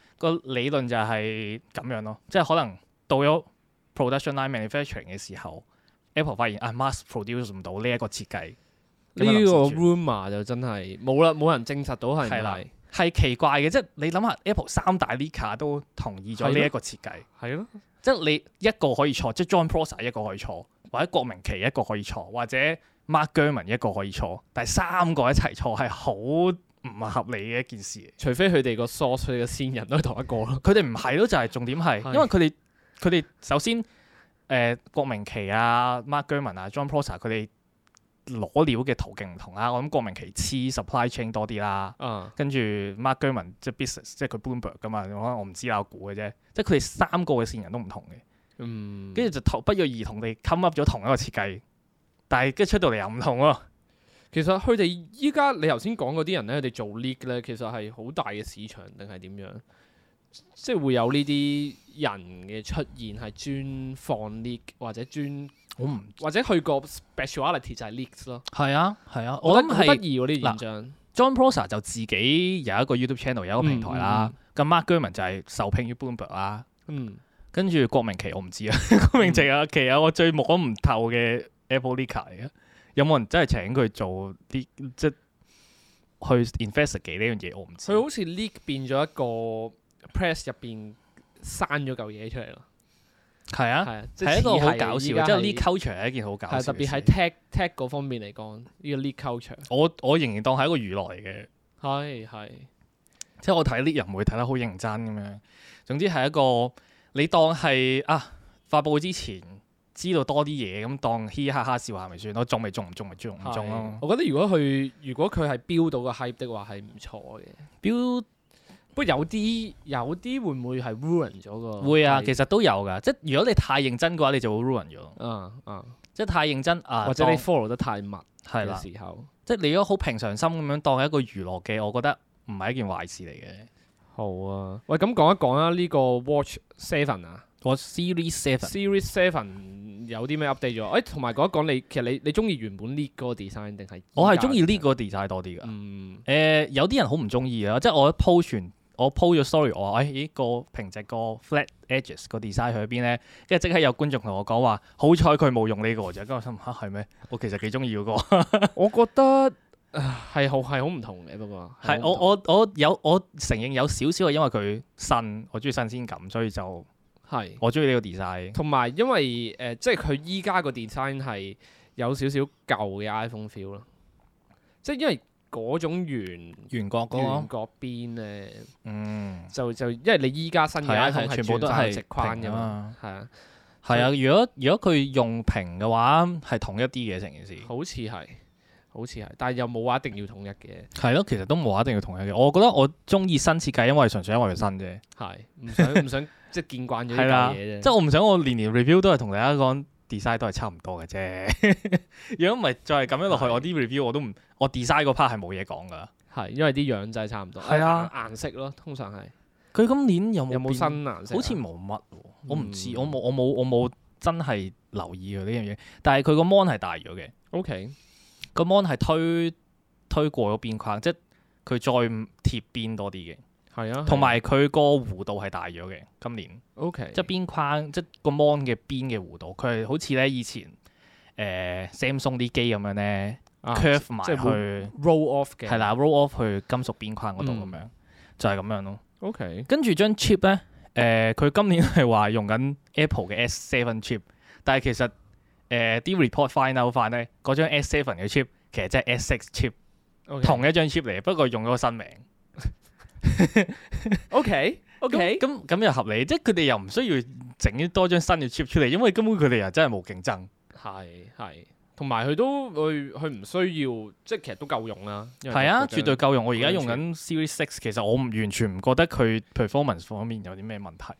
個理論就係咁樣咯，即係可能到咗 production line manufacturing 嘅時候，Apple 發現啊，Mass produce 唔到呢一個設計，呢這個 rumor 就真係冇啦，冇人證實到係咪？係啦，係奇怪嘅，即係你諗下，Apple 三大 leader 都同意咗呢一個設計，係咯，即係你一個可以錯，即係 John Prosser 一個可以錯，或者郭明奇一個可以錯，或者 Mark Gurman 一個可以錯，但係三個一齊錯係好。唔係合理嘅一件事，除非佢哋個 source 佢嘅線人都同一個咯。 佢哋唔係咯，就係重點係，因為佢哋佢哋首先誒、呃、郭明錤啊、Mark Gurman 啊、John Prosser 佢哋攞料嘅途徑唔同啦。我諗郭明錤黐 supply chain 多啲啦，嗯、跟住 Mark Gurman 即係 business，即係佢 Bloomberg 嘅嘛。可能我唔知啊，我估嘅啫。即係佢哋三個嘅線人都唔同嘅，跟住、嗯、就不約而同地 come up 咗同一個設計，但係跟住出到嚟又唔同喎。其實佢哋依家你頭先講嗰啲人咧，佢哋做 leak 咧，其實係好大嘅市場定係點樣？即係會有呢啲人嘅出現係專放 leak 或者專我唔或者去個 speciality 就係 leaks 咯。係啊，係啊，覺得我覺得得意喎呢現象。John Prosser 就自己有一個 YouTube channel，有一個平台啦。咁、嗯、Mark Gurman 就係受聘於 Bloomberg 啊。跟住郭明錤，我唔知啊。郭明錤啊，其實我最摸唔透嘅 Apple leaker 嚟嘅。有冇人真係請佢做啲即去 investigate 呢樣嘢？我唔知，佢好似 leak 變咗一個 press 入邊刪咗嚿嘢出嚟咯。係啊，係一個好搞笑，即係 leak culture 係一件好搞笑，啊，特別喺 tech tech 嗰方面嚟講呢個 leak culture。我我仍然當係一個娛樂嚟嘅，係係是，即係我睇 leak 又唔會睇得好認真咁樣。總之係一個你當係啊，發布會之前。知道多啲嘢，咁當嘻哈哈笑下咪算咯，中咪中，唔中咪中唔中咯。我覺得如果佢如果佢係 build 到個 hype 的話係唔錯嘅。Build，不過有啲有啲會唔會係 ruin 咗噶？會啊，其實都有噶，即係如果你太認真嘅話，你就會 ruin 咗。Uh, uh, 即係太認真、啊、或者你 follow 得太密嘅時候，即係你如果好平常心咁樣當係一個娛樂嘅，我覺得唔係一件壞事嚟嘅。好啊，喂，咁講一講啊，呢個 Watch Seven 啊。個 Series Seven，Series Seven 有啲咩 update 咗？誒、哎，同埋講一講你，其實你你中意原本呢個 design 定係？我係中意呢個 design 多啲嘅。嗯，有啲人好唔中意啊！即係我一 po 完，我 po 咗 story 我話：誒，咦個平直個 flat edges 個 design 去咗邊咧？跟住即刻有觀眾同我講話，好彩佢冇用呢個啫。咁我心諗吓係咩？我其實幾中意嗰個。 我覺得係好係好唔同嘅，不過係我我我有我,我,我,我,我,我承認有少少係因為佢新，我中意新鮮感，所以就。係，我中意呢個 design。同埋，因為誒、呃，即係佢依家個 design 係有少少舊嘅 iPhone feel 咯。即係因為嗰種圓角嗰個邊咧，嗯就，就就因為你依家新嘅 iPhone、啊、全部都係直框嘅嘛，係啊，係以啊。如果如果佢用平嘅話，係統一啲嘅，成件事一一好。好似係，好似係，但係又冇話一定要統一嘅。係 咯，其實都冇話一定要統一嘅。我覺得我中意新設計，因為純粹因為佢新啫、嗯。係，唔想唔想。 即係見慣咗呢啲嘢啫，即係我唔想我年年 review 都係同大家講 design 都係差唔多嘅啫。如果唔係，再係咁樣落去，是的 我啲 review 我都唔，我 design 個 part 係冇嘢講噶。係因為啲樣真係差唔多，係啊，顏色咯，通常係。佢今年有冇新顏色、啊？好似冇乜喎，我唔知、嗯我，我冇我冇我冇真係留意過呢樣嘢。但係佢個 mon 係大咗嘅。OK，個 mon 係推推過咗邊框，即係佢再貼邊多啲嘅。係啊，同埋佢個弧度係大咗嘅，今年。O K，即邊框即個 mon 嘅邊嘅弧度，佢係好似咧以前誒、呃、Samsung 啲機咁樣咧、啊、curve 埋去 roll off 嘅，係啦，roll off 去金屬邊框嗰度咁樣，嗯、就係咁樣咯。O Okay . K，跟住張 chip 咧誒，佢、呃、今年係話用緊 Apple 嘅 S7 chip，但係其實誒啲 report find out 翻咧，嗰、呃、張 S7 嘅 chip 其實即係 S6 chip，同一張 chip 嚟，不過用咗個新名。O K，O K，咁咁又合理，即係佢哋又唔需要整多張新嘅 chip 出嚟，因為根本佢哋又真係冇競爭，係係，同埋佢都佢佢唔需要，即係其實都夠用啦，係啊，樣絕對夠用，我而家用緊 Series Six，其實我唔完全唔覺得佢 performance 方面有啲咩問題，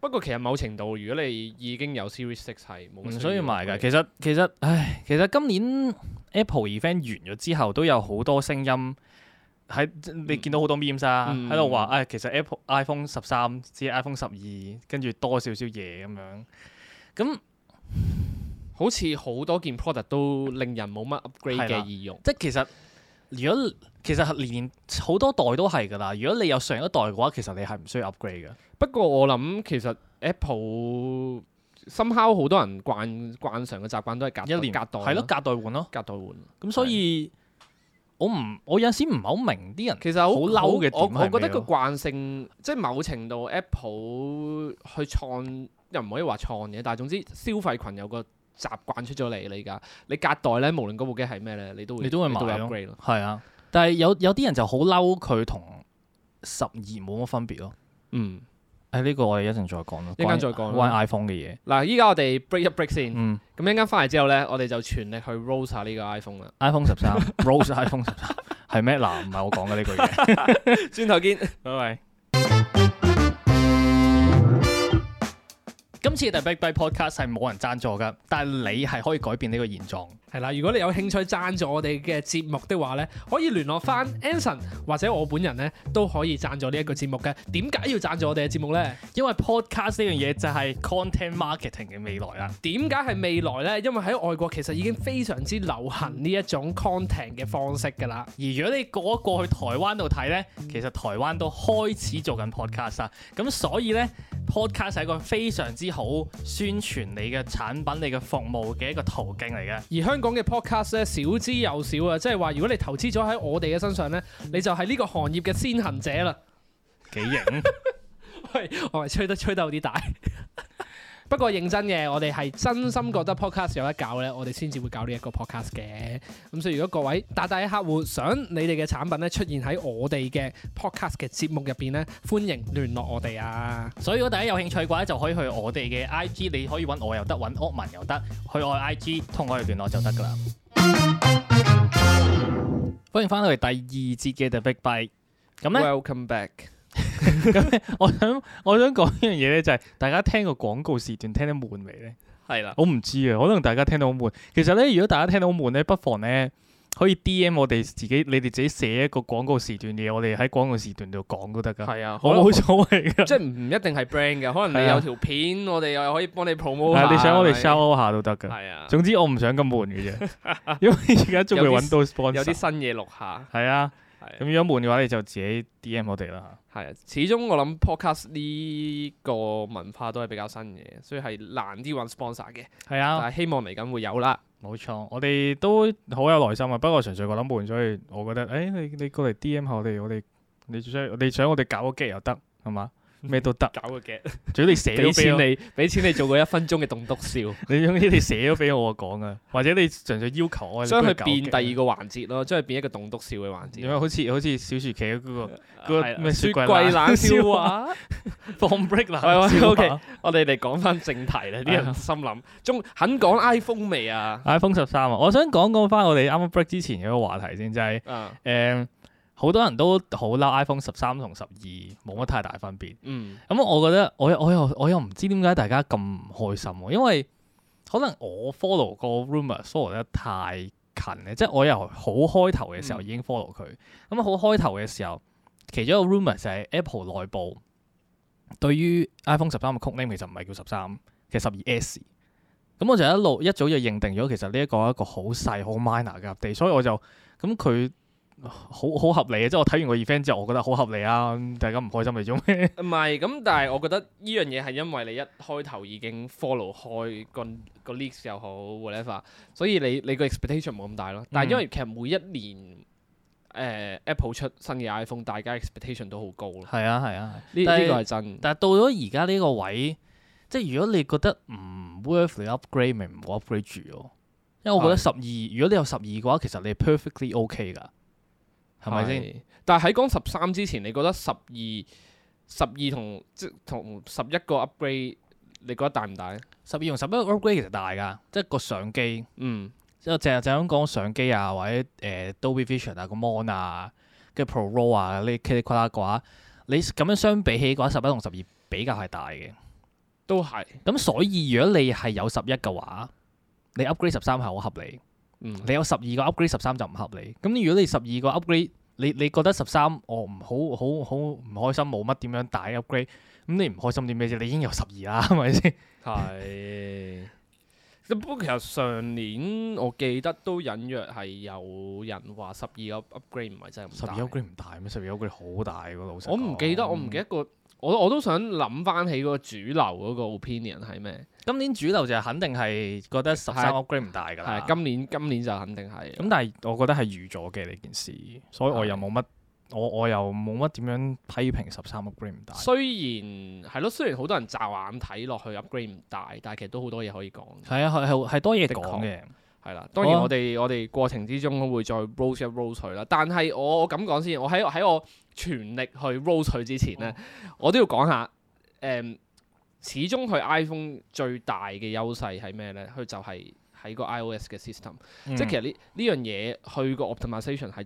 不過其實某程度如果你已經有 Series Six 係，唔需要買㗎、嗯， 其實其實唉，其實今年 Apple Event 完咗之後，都有好多聲音。喺你見到好多 memes、嗯、啊，喺度話誒，其實 Apple iPhone 十三只係 iPhone 十二，跟住多少少嘢咁樣，咁好似好多件 product 都令人冇乜 upgrade 嘅意欲。了即係其實如果其實連好多代都係㗎啦。如果你有上一代嘅話，其實你係唔需要 upgrade 嘅。不過我諗其實 Apple 深烤好多人慣慣常嘅習慣都係隔一年隔代，係咯年、啊，隔代換咯、啊，隔代換。咁所以。我唔，我有時唔係好明啲人，其實好嬲嘅點係？我覺得個慣性，即係某程度 Apple 去創，又唔可以話創嘢。但係總之消費群有個習慣出咗嚟，你而家你隔代咧，無論嗰部機係咩咧，你都會你都會買你都會買咯。係啊，但係有有啲人就好嬲佢同十二冇乜分別咯。嗯。誒，呢、哎這個我哋一陣再講咯，一陣再講。關 iPhone 嘅嘢。嗱，依家我哋 break 一 break 先。嗯。咁一陣翻嚟之後咧，我哋就全力去 roll 下呢個 iPhone 啦。iPhone 十三，roll iPhone 十三，係咩？嗱，唔係我講嘅呢句嘢。轉頭見，拜拜 bye。今次 The Big Byte Podcast 係冇人讚助噶，但係你係可以改變呢個現狀。係啦，如果你有興趣贊助我哋嘅節目的話咧，可以聯絡翻 Anson 或者我本人咧，都可以贊助呢一個節目嘅。點解要贊助我哋嘅節目咧、啊？因為 podcast 呢樣嘢就係 content marketing 嘅未來啦。點解係未來咧？因為喺外國其實已經非常之流行呢一種 content 嘅方式㗎啦。而如果你過一過去台灣度睇咧，其實台灣都開始做緊 podcast 啦。咁所以咧，podcast 係一個非常之好宣傳你嘅產品、你嘅服務嘅一個途徑嚟嘅。而香講嘅 podcast 咧少之又少啊！即係話，如果你投資咗喺我哋嘅身上咧，你就係呢個行業嘅先行者啦。幾型帥？ 喂，我係吹得吹得有啲大。 不過認真嘅，我哋係真心覺得 podcast 有得搞呢，我哋先至會搞呢一個 podcast 嘅。咁所以如果各位大大嘅客戶想你哋嘅產品咧出現喺我哋嘅 podcast 嘅節目入邊呢，歡迎聯絡我哋啊！所以如果大家有興趣嘅話，就可以去我哋嘅 IG，你可以揾我又得，揾 o p e n 又得，去我 IG 同我哋聯絡就得噶啦。歡迎翻嚟第二節嘅 The Big b i t 咁咧 Welcome Back。咁 我想我想講呢樣嘢咧，就係大家聽個廣告時段聽得悶未咧？係啦的，我唔知啊，可能大家聽到好悶。其實咧，如果大家聽到好悶咧，不妨咧可以 D M 我哋自己，你哋自己寫一個廣告時段嘢，我哋喺廣告時段度講都得噶。係啊的，好冇所謂噶，即係唔一定係 brand 嘅，可能你有條片，的我哋又可以幫你 promote。你想我哋 show 下都得噶。係啊的，的總之我唔想咁悶嘅啫， 因為而家仲未搵到 sponsor，有啲新嘢錄下。係啊。咁如果悶嘅話，你就自己 D.M 我哋啦嚇。係啊，始終我諗 podcast 呢個文化都係比較新嘅，所以係難啲揾 sponsor 嘅。係啊，但係希望嚟緊會有啦。冇錯，我哋都好有耐心啊。不過純粹我諗悶咗，我覺得誒、欸，你你過嚟 D.M 下我哋，我哋你想你想我哋搞個 game 又得，係嘛？咩都得，搞個 get，仲要你寫咗俾你俾錢你做個一分鐘嘅棟篤笑，你總之你寫咗俾我講啊，或者你純粹要求我將佢變第二個環節咯，將佢變一個棟篤笑嘅環節。因為好似好似小薯茄嗰個嗰個雪櫃冷笑話，放 break 冷笑話。OK，我哋嚟講翻正題啦，啲人心諗，仲肯講 iPhone 未啊？iPhone 十三啊，我想講講翻我哋啱啱 break 之前嘅話題先，就係誒。好多人都好嬲 iPhone 十三同十二冇乜太大分別。嗯，咁、嗯、我覺得我又我又我又唔知點解大家咁唔開心喎，因為可能我 follow 個 rumor follow 得太近咧，即係我由好開頭嘅時候已經 follow 佢。咁好開頭嘅時候，其中一個 rumor 就係 Apple 內部對於 iPhone 十三嘅 code name 其實唔係叫十三，其實十二 S。咁我就一路一早就認定咗，其實呢一個係一個好細好 minor 嘅 update，所以我就咁佢。嗯好好合理啊！即係我睇完個 event 之後，我覺得好合理啊。大家唔開心咪做咩？唔係咁。但係我覺得呢樣嘢係因為你一開頭已經 follow 開，個個 leak 又好 whatever，所以你你個 expectation 冇咁大咯。但係因為其實每一年、呃、Apple 出新嘅 iPhone，大家 expectation 都好高咯。係啊係啊，呢呢個係真。但係到咗而家呢個位，即係如果你覺得唔 worth upgrade，咪唔好 upgrade 住咯。因為我覺得十二、嗯，如果你有十二嘅話，其實你 perfectly OK 噶。係咪先？但係喺講十三之前，你覺得十二、十二同即同十一個 upgrade，你覺得大唔大？十二同十一個 upgrade 其實大噶，即係個相機。嗯，即淨係淨係講相機啊，或者誒 Dolby Vision 啊、個 Mon 啊，跟住 ProRAW 啊呢啲框架嘅話，你咁樣相比起嘅話，十一同十二比較係大嘅。都係。咁所以如果你係有十一嘅話，你 upgrade 十三係好合理。嗯，你有十二個 upgrade，十三就唔合理。咁如果你十二個 upgrade，你你覺得十三哦唔好好好唔開心，冇乜點樣大 upgrade，咁你唔開心啲咩啫？你已經有十二啦，係咪先？係。不過其實上年我記得都隱約係有人話十二個 upgrade 唔係真係十二 upgrade 唔大咩？十二 upgrade 好大，老實講。我唔記得，我唔記得個、嗯、我我都想諗翻起嗰個主流嗰個 opinion 係咩？今年主流就係肯定係覺得十三 upgrade 唔大噶啦。係今年，今年就肯定係。咁但係我覺得係預咗嘅呢件事，所以我又冇乜是的，我我又冇乜點樣批評十三 upgrade 唔大雖。雖然係咯，雖然好多人驟眼睇落去 upgrade 唔大，但係其實都好多嘢可以講。係啊，係係係多嘢講嘅，係啦。當然我哋、哦、我哋過程之中都會再 roll 一 roll 佢啦。但係我我咁講先，我喺喺我全力去 roll 佢之前咧，哦、我都要講下誒。嗯始終佢 iPhone 最大嘅優勢係咩呢？佢就係喺個 iOS 嘅 system、嗯、即係其實呢呢樣嘢佢個 optimization 係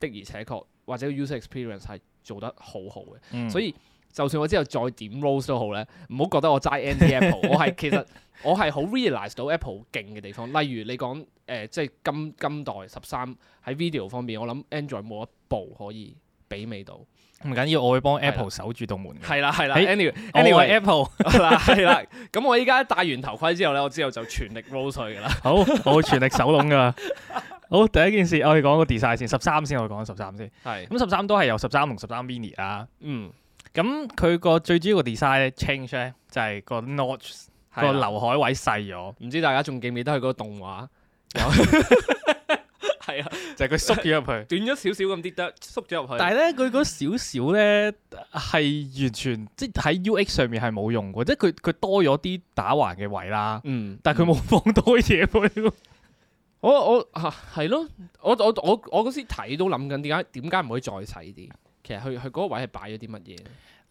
的而且確，或者 user experience 係做得好好嘅。嗯、所以就算我之後再點 rose 都好呢，唔好覺得我齋 anti-Apple， 我係其實我係好 realise 到 Apple 勁嘅地方。 例如你講誒，即、呃、係、就是、今今代十三喺 video 方面，我諗 Android 冇一部可以。比味道唔緊要，我會幫 Apple 守住道門。係啦，係啦，anyway，我係 Apple，係啦。咁我依家戴完頭盔之後咧，我之後就全力 roll 去㗎啦。好，我會全力守攏㗎。好，第一件事我哋講個 design 先，十三先，我講緊十三先。係，咁十三都係由十三同十三 mini 啊。嗯，咁佢個最主要個 design 咧 change 咧，就係個 notch 個劉海位細咗。唔知大家仲記唔記得佢嗰個動畫？係啊，就係佢縮咗入去， 短咗少少咁啲得，縮咗入去。但係咧，佢嗰少少咧係完全即係喺 UX 上面係冇用嘅，即係佢佢多咗啲打橫嘅位啦。嗯，但係佢冇放多嘢去。 我我啊係咯，我我我我嗰時睇都諗緊，點解點解唔可以再細啲？其實佢佢嗰個位係擺咗啲乜嘢？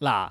嗱。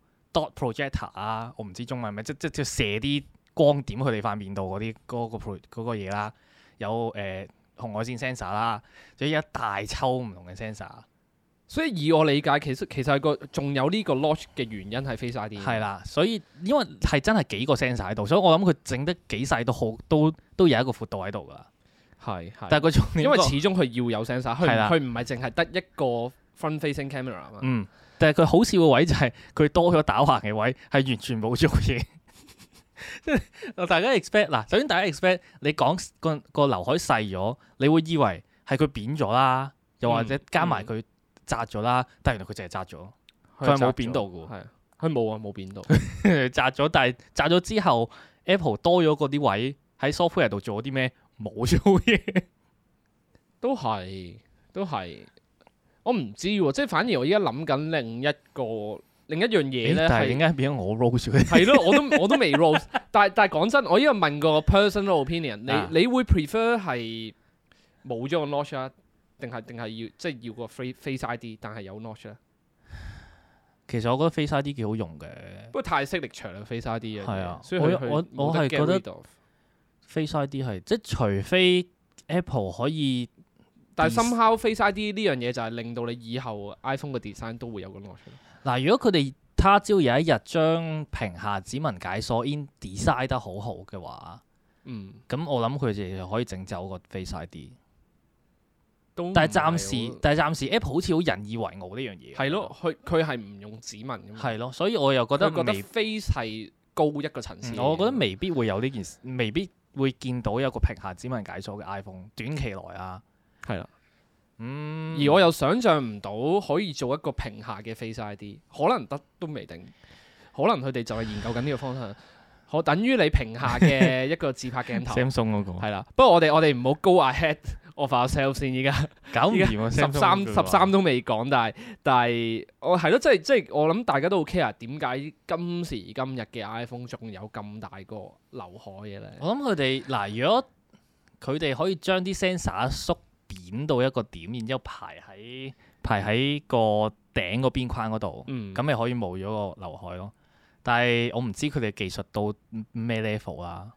Dot projector 啊，我唔知中文係咪，即即即射啲光點佢哋塊面度嗰啲嗰個嘢、那個、啦，有誒、呃、紅外線 sensor 啦，即一大抽唔同嘅 sensor。所以以我理解，其實其實個仲有呢個 launch 嘅原因係 Face ID。係啦，所以因為係真係幾個 sensor 喺度，所以我諗佢整得幾細都好，都都有一個闊度喺度噶。係的，但係佢因為始終佢要有 sensor，佢佢唔係淨係得一個 front facing camera 啊嘛、嗯。但係佢好笑嘅位就係佢多咗打橫嘅位，係完全冇做嘢。即係大家 expect 嗱，首先大家 expect 你講嗰個劉海細咗，你會以為係佢扁咗啦，又或者加埋佢窄咗啦。但係原來佢淨係窄咗，佢係冇扁到嘅。係佢冇啊，冇扁到，窄咗。但係窄咗之後，Apple 多咗嗰啲位喺 software 度做咗啲咩？冇做嘢，都係，都係。我唔知喎，即係反而我依家諗緊另一個另一樣嘢咧，係點解變咗我 rose 咧？係咯，我都我都未 rose， 但係但係講真，我依家問過個 personal opinion，啊、你你會 prefer 係冇咗個 notch 啊，定係定係要即係，就是，要個 free face ID，但係有 notch 咧？其實我覺得 face ID 幾好用嘅，不過太視力長啦 face ID 啊，係啊，我我我係覺得 face ID 係即係除非 Apple 可以。但係深拷 Face ID 呢樣嘢就係令到你以後 iPhone 嘅 design 都會有咁落內嗱，如果佢哋他朝有一日將屏下指紋解鎖 in design 得好好嘅話，嗯，咁我諗佢哋就可以整走個 Face ID。哦、但係暫時，但係暫時 Apple 好似好引以為傲呢樣嘢。係咯，佢佢係唔用指紋嘅嘛。係咯，所以我又覺得覺得 Face 係未高一個層次。我覺得未必會有呢件事，未必會見到有個屏下指紋解鎖嘅 iPhone 短期內啊。係啦，嗯、而我又想象唔到可以做一個屏下嘅 Face ID，可能得都未定，可能佢哋就係研究緊呢個方向，可 等於你屏下嘅一個自拍鏡頭。 Samsung 嗰、嗰個係啦，不過我哋我哋唔好 go ahead of ourselves 先依家，搞唔掂、啊、十三，Samsung 十三、十三都未講，但係但係我係咯，即係即係我諗大家都好 care 點解今時今日嘅 iPhone 仲有咁大個劉海嘅咧？我諗佢哋嗱，如果佢哋可以將啲 sensor 縮扁到一個點，然之後排喺排喺個頂嗰邊框嗰度，咁咪、嗯、可以冇咗個劉海咯。但係我唔知佢哋技術到咩 level 啊，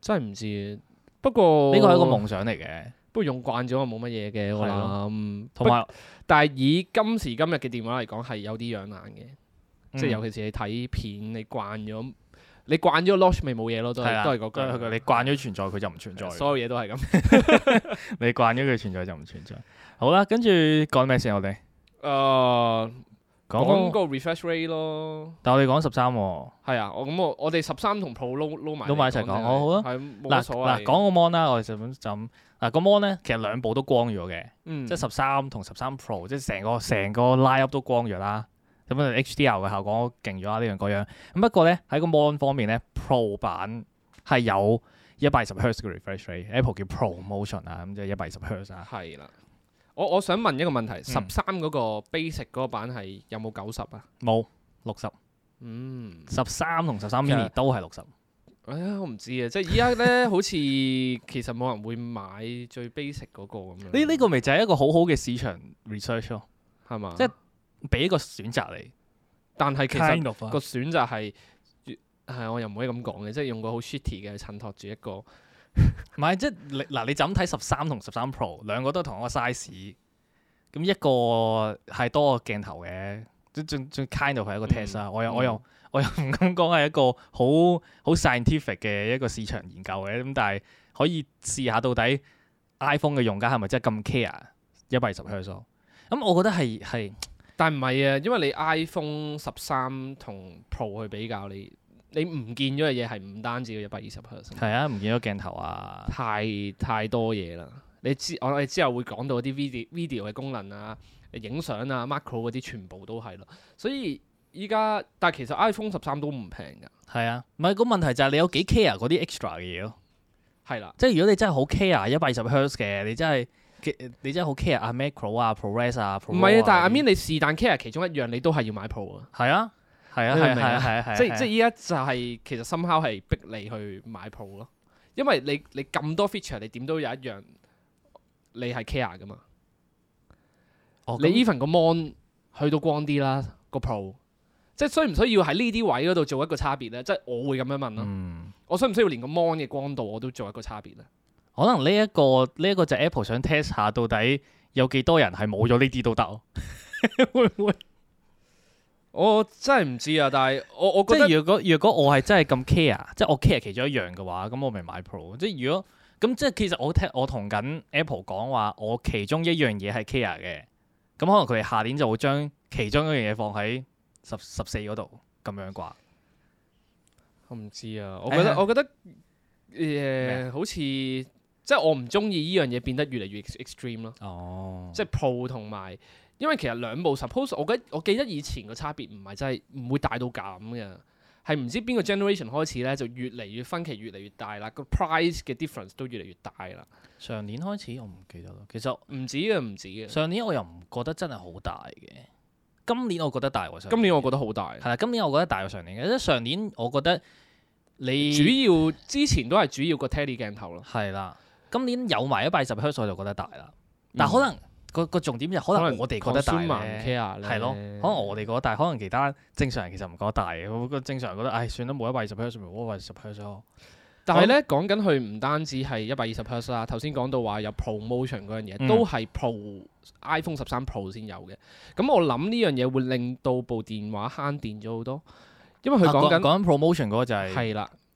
真係唔知。不過呢個係一個夢想嚟嘅，不過用慣咗就冇乜嘢嘅。係咯，同埋但係以今時今日嘅電話嚟講係有啲養眼嘅，嗯、即係尤其是你睇片你慣咗。你慣咗 loss 咪冇嘢咯，都係都係嗰句。你慣咗存在，佢就唔存在。所有嘢都係咁。你慣咗佢存在就唔存在。好啦，跟住講咩先？我哋，誒，講個 refresh rate 咯。但我哋講十三喎。係啊，我咁我我哋十三同 pro 攞攞埋一齊講，好啦。嗱嗱，講個 mon 啦，我哋就咁就咁。啊，個 mon 咧，其實兩部都光咗嘅，即係十三同十三 pro，即係成個成個拉 up 都光咗啦。咁啊 HDR 嘅效果勁咗啦，呢樣嗰樣。咁不過咧喺個 motion 方面咧，Pro 版係有一百二十赫嘅 refresh rate，Apple 叫 Pro Motion 啊，咁即係一百二十赫啊。係啦，我我想問一個問題，十三嗰個 basic 嗰版係有冇九十啊？冇六十。嗯，十三同十三 mini 都係六十。哎呀我唔知啊，即係依家咧好似其實冇人會買最 basic 嗰個咁樣。呢呢、呢個咪、呢個、就係一個好好嘅市場 research 咯，係嘛嗎？即係。俾一個選擇你，但係其實個選擇係係 Kind of.、嗯，我又唔可以咁講嘅，即係用個好 shitty 嘅襯托住一個，唔 係即係你嗱，你就咁睇十三同十三 Pro 兩個都同一個 size，咁一個係多個鏡頭嘅，即係仲仲 Kindle 係一個 test、嗯、我又我又我又唔敢講係一個好好 scientific 嘅一個市場研究嘅，咁但係可以試下到底 iPhone 嘅用家係咪真係咁 care 一百二十 Hz 咁？我覺得係係。但唔係啊，因為你 iPhone 十三同 Pro 去比較，你你唔見咗嘅嘢係唔單止一百二十赫茲。係啊，唔見咗鏡頭啊！太太多嘢啦，你知我哋之後會講到啲 video video 嘅功能啊、影相啊、macro 嗰啲全部都係咯。所以依家，但其實 iPhone 十三都唔平㗎。係啊，唔係，個問題就係你有幾 care 嗰啲 extra 嘅嘢咯。係啦、啊，即係如果你真係好 care 一百二十赫茲嘅，你真係。你真係好 care 阿 Macro 啊，ProRes 啊唔係啊，ro, Pro Res, Pro, 但係阿 Min 你是但 care 其中一樣，你都係要買 Pro 啊。係啊，係啊，係啊，係啊，啊即係即係依家就係、是、其實 somehow 係逼你去買 Pro 咯，因為你你咁多 feature，你點都有一樣你係 care 噶嘛。哦、你 even 個 mon 去到光啲啦，個 Pro 即係需唔需要喺呢啲位嗰度做一個差別咧？即係我會咁樣問咯。嗯、我需唔需要連個 mon 嘅光度我都做一個差別咧？可能呢一個呢一個就 Apple 想 test 下到底有幾多人係冇咗呢啲都 得，會唔會？我真係唔知啊！但係我我覺得即係如果如果我係真係咁 care，即係 我 care 其中一樣嘅話，咁我咪買 Pro。即係如果咁即係其實我聽我同緊 Apple 講話，我其中一樣嘢係 care 嘅，咁可能佢哋下年就會將其中一樣嘢放喺十十四嗰度咁樣啩？我唔知啊，我覺得、哎、呀，我覺得誒，呃、麼好似。即係我唔中意呢樣嘢變得越嚟越 extreme 咯。哦，即係 Pro 同埋，因為其實兩部 suppose 我記我記得以前個差別唔係真係唔會大到咁嘅，係唔知邊個 generation 開始咧就越嚟越分歧越嚟越大啦。個 price 嘅 difference 都越嚟越大啦。上年開始我唔記得啦。其實唔止嘅，唔止嘅。上年我又唔覺得真係好大嘅。今年我覺得大過上年。今年我覺得好大。係啦，今年我覺得大過上年嘅。因為上年我覺得你主要之前都係主要個 tele 鏡頭咯。係啦。今年有埋一百二十 percent 就覺得大啦，但可能、嗯、個,個重點就可能我哋覺得大，係咯，可能我哋覺,了覺得大，可能其他正常人其實唔覺得大嘅，我正常人覺得，唉，算啦，冇一百二十 percent 咪，我話十 percent 但係咧講緊佢唔單止係一百二十 percent 啦，頭先講到話有 promotion 嗰樣嘢，都係 pro、嗯、iPhone 十三 pro 先有嘅。咁我諗呢樣嘢會令到部電話慳電咗好多，因為佢講緊講緊、啊、promotion 嗰個就係、係啦。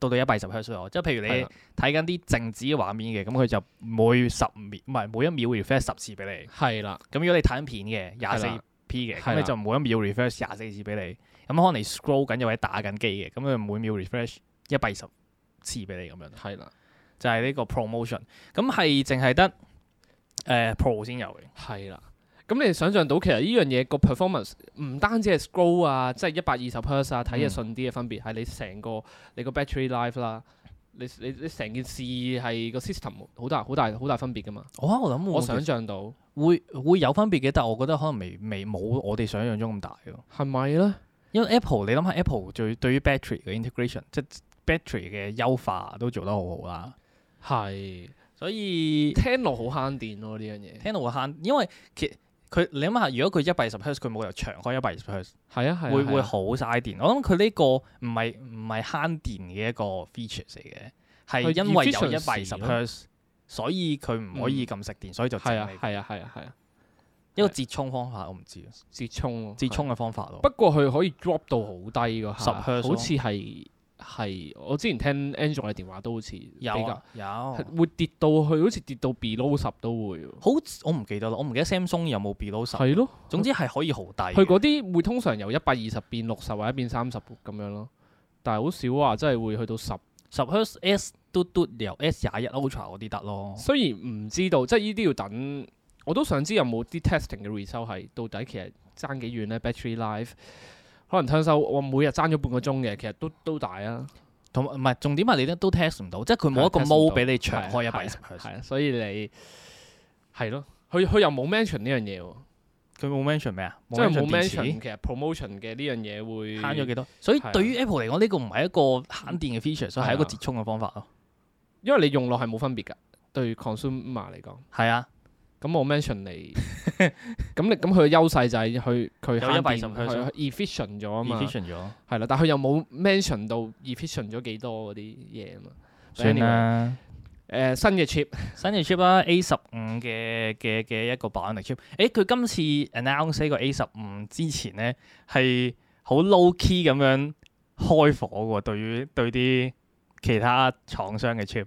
到到一百二十 Hz 所即係譬如你睇緊啲靜止嘅畫面嘅，咁佢的就每十秒唔係每一秒 refresh 十次俾你。係啦的。咁如果你睇緊片嘅廿四 p 嘅，咁的你就每一秒 refresh 廿四次俾你。咁可能你 scroll 緊又或者打緊機嘅，咁佢每秒 refresh 一百二十次俾你咁樣。係啦的，就係呢個 promotion。咁係淨係得誒 pro 先有嘅。係啦。咁你想象到，其實呢樣嘢個 performance 唔單止係 scroll 啊，即係一百二十 percent 啊，睇嘢順啲嘅分別，係、嗯、你成個你個 battery life 啦、啊，你你你成件事係個 system 好大好大好大分別噶嘛？我我諗我想象、哦、到會會有分別嘅，但係我覺得可能未未冇我哋想象中咁大咯。係咪咧？因為 Apple 你諗下 Apple 最對於 battery 嘅 integration，即係 battery 嘅優化都做得好好啦。係，所以聽落好慳電咯呢樣嘢，聽落慳、啊，因為其。佢你諗下，如果佢一百二十 Hz 佢冇由長開一百二十 Hz 會唔會好嘥電。我諗佢呢個唔係唔係慳電嘅一個 feature 嚟嘅，係因為有一百二十 Hz 所以佢唔可以咁食電，所以就係啊係啊係啊係啊，一個接充方法我唔知啊，節充接充嘅方法咯。不過佢可以 drop 到好低個十 Hz 好似係。係，我之前聽 Android 嘅電話都好似有、啊、有，會跌到去好似跌到 below 十都會。好，我唔記得啦，我唔記得 Samsung 有冇 below 十。係咯，的總之係可以好低。佢嗰啲會通常由一百二十變六十或者變三十咁樣咯，但係好少話真係會去到十。十 Hz S 嘟嘟，都，都由 S 廿一 Ultra 嗰啲得咯。雖然唔知道，即係呢啲要等，我都想知有冇啲 testing 嘅 result 係到底其實爭幾遠咧？Battery life。可能聽收我每日爭咗半個鐘嘅，其實都都大啊，同埋唔係重點係你都 test 唔到，即係佢冇一個 mode 俾你長開一百，係啊，所以你係咯，佢佢又冇 mention 呢樣嘢喎，佢冇 mention 咩啊？即係冇 mention 其實 promotion 嘅呢樣嘢會慳咗幾多？所以對於 Apple 嚟講，呢、呢個唔係一個慳電嘅 feature、嗯、所以係一個折衷嘅方法咯。因為你用落係冇分別㗎，對 consumer 嚟講係啊。咁我 mention 嚟，咁你咁佢嘅優勢就係佢佢慳電，佢 efficient 咗啊嘛，efficient 咗，係啦，但係佢又冇 mention 到 efficient 咗幾多嗰啲嘢啊嘛，嘛算啦了，誒、anyway，呃、新嘅 chip，新嘅 chip 啦、啊、A 十五嘅嘅嘅一個版嚟 chip，誒佢今次 announce 個 A 十五之前咧係好 low key 咁樣開火嘅喎，對於對啲其他廠商嘅 chip。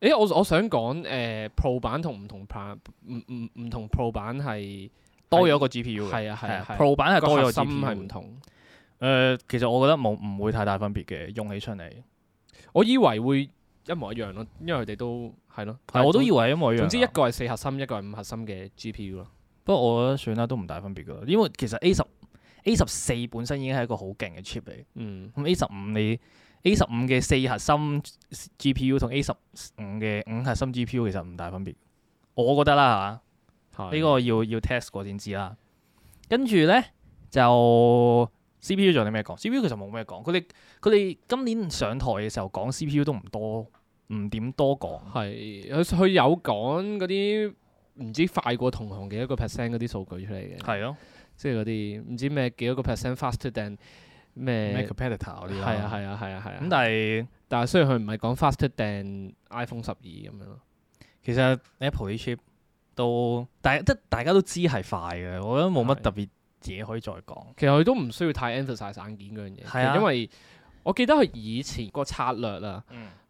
誒、欸，我我想講誒、呃、Pro 版同唔同版，唔唔唔同 Pro 版係多咗個 GPU 嘅，係啊係啊，Pro 版係多咗核心係唔同。誒、呃，其實我覺得冇唔會太大分別嘅，用起出嚟，我以為會一模一樣咯，因為佢哋都係咯，我都以為一模一樣。總之一個係四核心，一個係五核心嘅 GPU 咯。不過我覺得算啦，都唔大分別噶，因為其實 A 十 A 十四本身已經係一個好勁嘅 chip 嚟，嗯，咁 A 十五你。A 十五嘅四核心 GPU 同 A 十五嘅五核心 GPU 其實唔大分別，我覺得啦嚇，呢是的 個要要 test 過先知啦。跟住呢，就 CPU 仲有啲咩講？CPU 其實冇咩講，佢哋佢哋今年上台嘅時候講 CPU 都唔多，唔點多講。係佢佢有講嗰啲唔知快過同行幾多個 percent 嗰啲數據出嚟嘅。係咯是的，即係嗰啲唔知咩幾多個 percent faster than。咩？MacBook Pro 嗰啲咯，係 啊，係啊，係啊，係啊。咁但係是，但係雖然佢唔係講 faster than iPhone 十二咁樣咯，其實 Apple 呢 chip 都，但即大家都知係快嘅，我覺得冇乜特別嘢可以再講。啊，其實佢都唔需要太 emphasize 晒硬件嗰樣嘢，係啊。因為我記得佢以前個策略啊，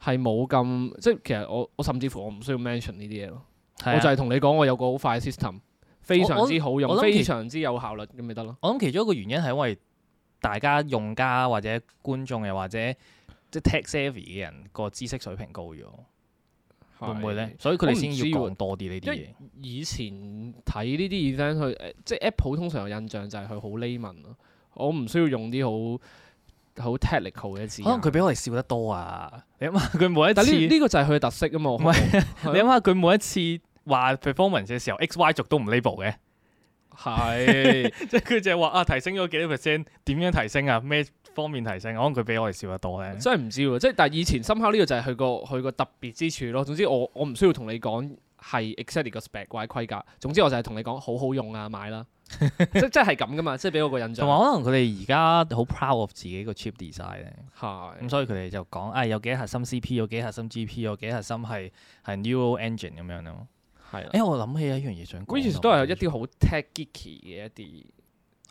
係冇咁即係，其實我我甚至乎我唔需要 mention 呢啲嘢咯。啊、我就係同你講，我有個好快嘅 system，非常之好用，非常之有效率咁咪得咯。我諗其中一個原因係因為。大家用家或者觀眾又或者即係 tech savvy 嘅人個知識水平高咗，是會唔會咧？所以佢哋先要用多啲呢啲嘢。以前睇呢啲 event，佢即係 Apple 通常嘅印象就係佢好 layman 咯。我唔需要用啲好好 technical 嘅字，可能佢比我哋笑得多啊！你諗下佢每一次，呢、這個就係佢嘅特色啊嘛。我 你諗下佢每一次話 performance 嘅時候，X、Y 軸都唔 label 嘅。係，即係佢就係話啊，提升咗幾多 percent？點樣提升啊？咩方面提升啊？可能佢比我哋少得多咧。真係唔知喎，即係但係以前深刻呢個就係佢個佢個特別之處咯。總之我我唔需要同你講係 exactly 個 spec 或者規格。總之我就係同你講好好用啊，買啦。 即即係咁噶嘛，即係俾我個印象。同埋可能佢哋而家好 proud of 自己個 chip design 咧是。係、嗯。咁所以佢哋就講啊、哎，有幾核心 CP，有幾核心 GP，有幾核心係係 neural engine 咁樣咯。係，誒、欸，我諗起一樣嘢想講，其實都係一啲好 tech geek 嘅一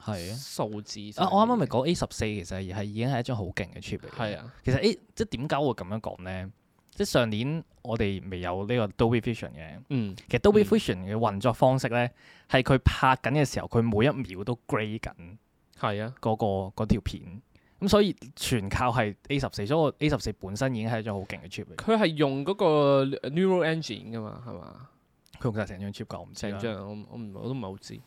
啲數字的的啊！我啱啱咪講 A 十四其實係已經係一張好勁嘅 chip 嚟，係啊的！其實 A、欸、即係點解我會咁樣講咧？即上年我哋未有呢個 Dolby Vision 嘅，嗯、其實 Dolby Vision 嘅運作方式咧，係佢、嗯、拍緊嘅時候，佢每一秒都 grade 緊、嗰個，係啊的，嗰、嗰個條片咁，所以全靠係 A 十四，所以 A 十四本身已經係一張好勁嘅 chip 嚟。佢係用嗰個 neural engine 噶嘛，係嘛？佢用曬成張 chip，我唔知啦。我唔我，我都唔係好知。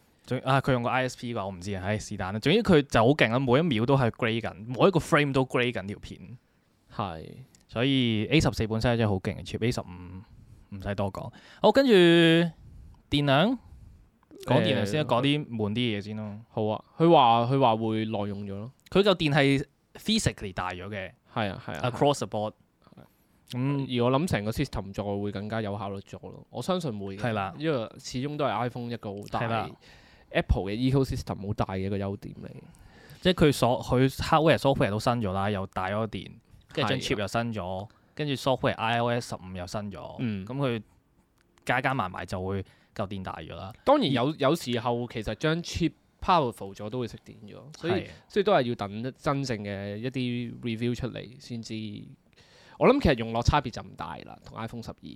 啊，佢用個 ISP 嘅話，我唔知啊。唉，是但啦。總之佢就好勁啦，每一秒都係 grey 緊，每一個 frame 都 grey 緊條片。係，所以 A 十四本身係一張好勁嘅 chip。A 十五唔使多講。好、哦，跟住電量，講電量先，欸、講啲悶啲嘢先咯。好啊，佢話佢話會耐用咗咯。佢個電係 physically 大咗嘅。係啊，係啊。啊 across the board。咁、嗯、而我諗成個 system 再會更加有效率咗咯，我相信會嘅。係啦吧，因為始終都係 iPhone 一個好大吧 Apple 嘅 ecosystem 好大嘅一個優點嚟。即係佢所佢 hardware、software 都新咗啦，又大咗電，跟住張 chip 又新咗，跟住 software iOS 十五又新咗，咁佢、嗯嗯、加加埋埋就會夠電大咗啦。嗯、當然有有時候其實張 chip powerful 咗都會食電咗，所以，的所以所以都係要等真正嘅一啲 review 出嚟先知。我諗其實用落差別就唔大啦，同 iPhone 十二，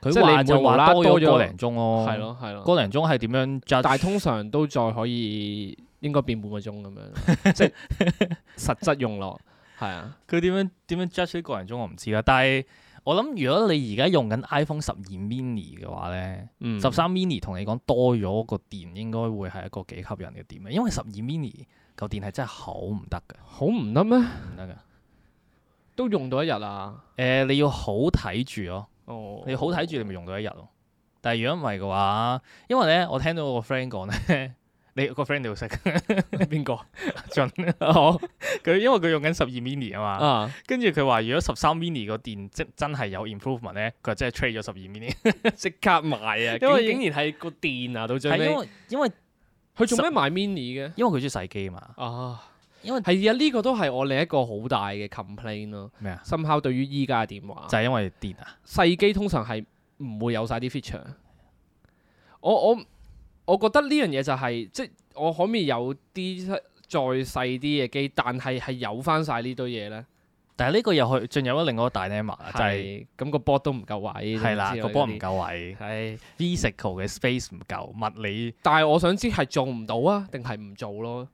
佢係就話多咗個零鐘咯。係咯係咯，個零鐘係點樣？但係通常都再可以應該變半個鐘咁樣， 即係 實質用落係 啊。佢點樣點樣 judge 出個零鐘我唔知啦。但係我諗如果你而家用緊 iPhone 十二 mini 嘅話咧，十三、嗯、mini 同你講多咗個電應該會係一個幾吸引嘅點啊。因為十二 mini 個電係真係好唔得㗎，好唔得咩？唔得噶。都用到一日啊！誒、呃，你要好睇住咯。哦、你好睇住，你咪用到一日咯。哦、但係如果唔係嘅話，因為咧，我聽到我個 friend 講咧， 你個 friend 你會識邊個阿俊？哦，佢因為佢用緊十二 mini 啊嘛。跟住佢話，如果十三 mini 個電即真係有 improvement 咧，佢話即係 trade 咗十二 mini，即刻賣啊！賣 i, 買啊因為竟然係個電啊，到最尾因為佢做咩買 mini 嘅？因為佢中意細機啊嘛。啊！因為係啊，呢個都係我另一個好大嘅 complain 咯。咩啊？somehow 對於依家嘅電話就係因為電啊。細機通常係唔會有晒啲 feature。我我我覺得呢樣嘢就係即係我可唔可以有啲再細啲嘅機，但係係有翻晒呢堆嘢咧？但係呢個又去進入咗另外一個大 dilemma 就係咁個 board 都唔夠位。係啦，個 board 唔夠位。係，physical 嘅 space 唔夠物理。但係我想知係做唔到啊，定係唔做咯？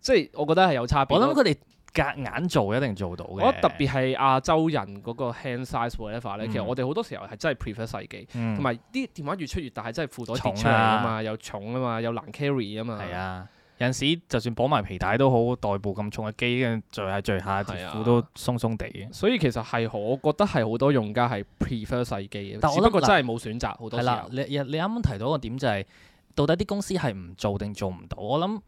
即係我覺得係有差別。我諗佢哋夾硬做一定做到嘅。我覺得特別係亞洲人嗰個 hand size whatever 咧、嗯，其實我哋好多時候係真係 prefer 細機，同埋啲電話越出越大，真係負咗重。出啊嘛，重啊又重啊嘛，又難 carry 啊嘛。係啊，有陣時就算綁埋皮帶都好，代步咁重嘅機跟住攰下攰下條褲都鬆鬆地嘅、啊。所以其實係我覺得係好多用家係 prefer 細機嘅，但係我覺得真係冇選擇好但多的的你啱啱提到一個點就係、係、到底啲公司係唔做定做唔到？我諗。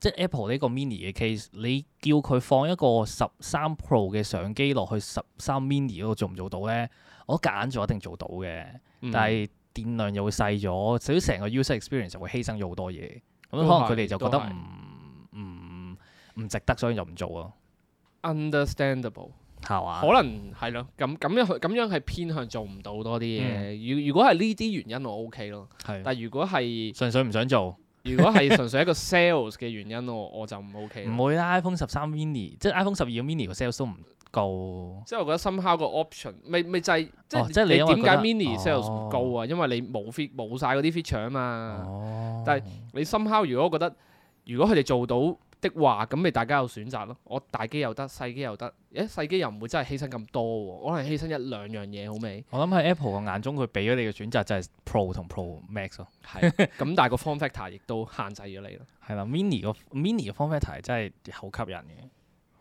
即 Apple 呢個 Mini 嘅 case，你叫佢放一個十三 Pro 嘅相機落去十三 Mini 嗰度，做唔做到咧？我都夾硬做一定做到嘅，嗯、但係電量又會細咗，所以成個 user experience 就會犧牲咗好多嘢。咁、嗯、可能佢哋就覺得唔唔唔值得，所以就唔做咯。Understandable 係嘛吧？可能係咯。咁咁樣咁樣係偏向做唔到多啲嘢。如、嗯、如果係呢啲原因，我 OK 咯。的但係如果係純粹唔想做。 如果係純粹一個 sales 嘅原因，我我就唔 OK。唔會啦，iPhone 十三 mini 即係 iPhone 十二 mini 個 sales 都唔高。即係我覺得深敲個 option 咪未就係、即係哦、即係即係你點解 mini sales 唔高啊？哦、因為你冇 fit 冇曬嗰啲 feature 啊嘛。哦、但係你深敲，如果覺得如果佢哋做到。的話，咁咪大家有選擇咯。我大機又得，細機又得。誒，細機又唔會真係犧牲咁多喎，可能犧牲一兩樣嘢好未？我諗喺 Apple 嘅眼中，佢俾咗你嘅選擇就係 Pro 同 Pro Max 咯的。係，咁但係個 Form Factor 亦都限制咗你咯。係啦的 ，Mini 個 Mini 嘅 Form Factor 真係好吸引嘅。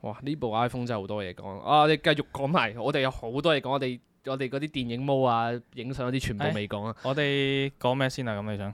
哇！呢部 iPhone 真係好多嘢講啊！我哋繼續講埋，我哋有好多嘢講。我哋我哋嗰啲電影模啊、影相嗰啲全部未講啊。欸、 我哋講咩先啊？咁你想？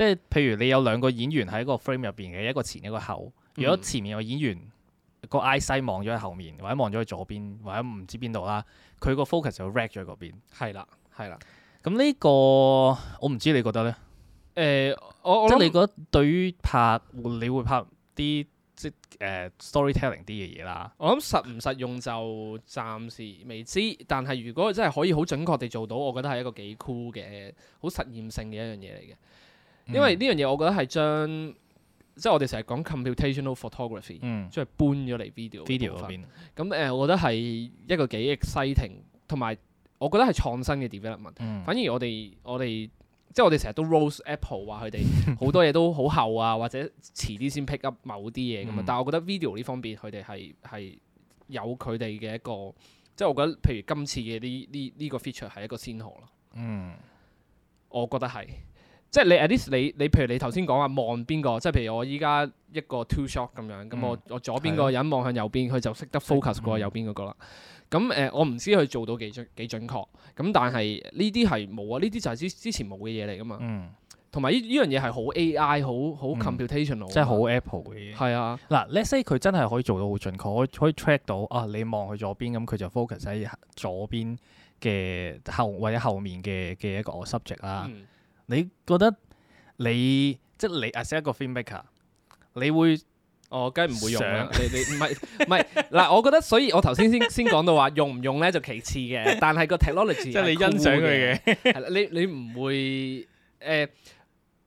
即係，譬如你有兩個演員喺一個 frame 入邊嘅，一個前一個後。如果前面有演員、嗯、個 eyesight 望咗喺後面，或者望咗喺左邊，或者唔知邊度啦，佢、個 focus 就 rack 咗嗰邊。係啦，係啦。咁呢個我唔知你覺得呢？誒、呃，我，我即係你覺得對於拍，你會拍啲即誒 storytelling 啲嘅嘢啦。Uh, 我諗實唔實用就暫時未知，但係如果真係可以好準確地做到，我覺得係一個幾 cool 嘅，好實驗性嘅一樣嘢嚟嘅。因為呢樣嘢，我覺得係將即係我哋成日講 computational photography，即係、嗯、搬咗嚟 video 嗰邊。咁誒，我覺得係一個幾 exciting，同埋我覺得係創新嘅 development、嗯。反而我哋我哋即係我哋成日都 rose Apple 話佢哋好多嘢都好後啊， 或者遲啲先 pick up 某啲嘢咁啊。嗯、但係我覺得 video 呢方面佢哋係係有佢哋嘅一個，即係我覺得譬如今次嘅呢呢呢個 feature 係一個先河咯。嗯、我覺得係。即係你 at least 你你譬如你頭先講話，望邊個？即係譬如我依家一個 two shot 咁樣，咁我、嗯、我左邊個人望向右邊，佢、嗯、就識得 focus 過右邊嗰個啦。咁誒、嗯呃，我唔知佢做到幾準幾準確。咁但係呢啲係冇啊，呢啲就係之前冇嘅嘢嚟噶嘛。同埋呢依樣嘢係好 AI，好好 computational。即係好 Apple 嘅嘢。係啊，嗱，Let’s say 佢真係可以做到好準確，可以 track 到啊！你望去左邊，咁佢就 focus 喺左邊嘅後或者後面嘅嘅一個 subject 啦、嗯。你覺得你即係你啊，識一個 film maker，你會我梗 u 唔會用啊想？你你唔係唔係嗱？我覺得所以我頭 先先先講到話用唔用咧就其次嘅，但係個 technology 即係 欣賞嘅。係啦， 你你唔會誒、呃？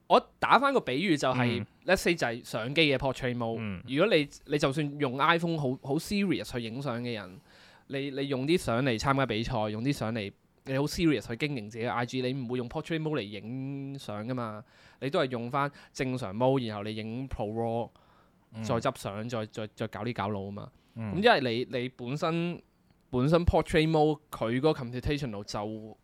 我打翻個比喻就係、是嗯、，let's say 就係相機嘅 portrait mode、嗯。如果你你就算用 iPhone 好好 serious 去影相嘅人，你你，你用啲相嚟參加比賽，用啲相嚟。你好 serious 去經營自己嘅 IG，你唔會用 portrait mode 嚟影相噶嘛？你都係用翻正常 mode，然後你影 pro raw，再執相，嗯、再再再搞啲搞腦啊嘛。咁、嗯、因為你你本身本身 portrait mode，佢嗰個 computational 就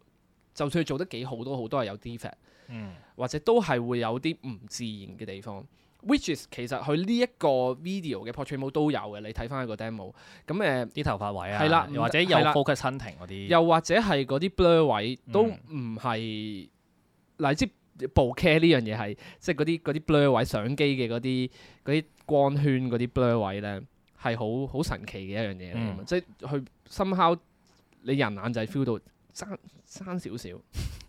就算做得幾好都好，都係有 defect，、嗯、或者都係會有啲唔自然嘅地方。Which e s 其實佢呢一個 video 嘅 portrayal 都有嘅，你睇翻佢個 demo。咁誒啲頭髮位啊，係啦的，又或者又 focus 親停嗰啲，又或者係嗰啲 blur 位都唔係，嗱、嗯，至部 care 呢樣嘢係，即係嗰啲啲 blur 位，相機嘅嗰啲啲光圈嗰啲 blur 位咧，係好好神奇嘅一樣嘢嚟嘅，嗯、即係去深敲你人眼就係 feel 到爭爭少少。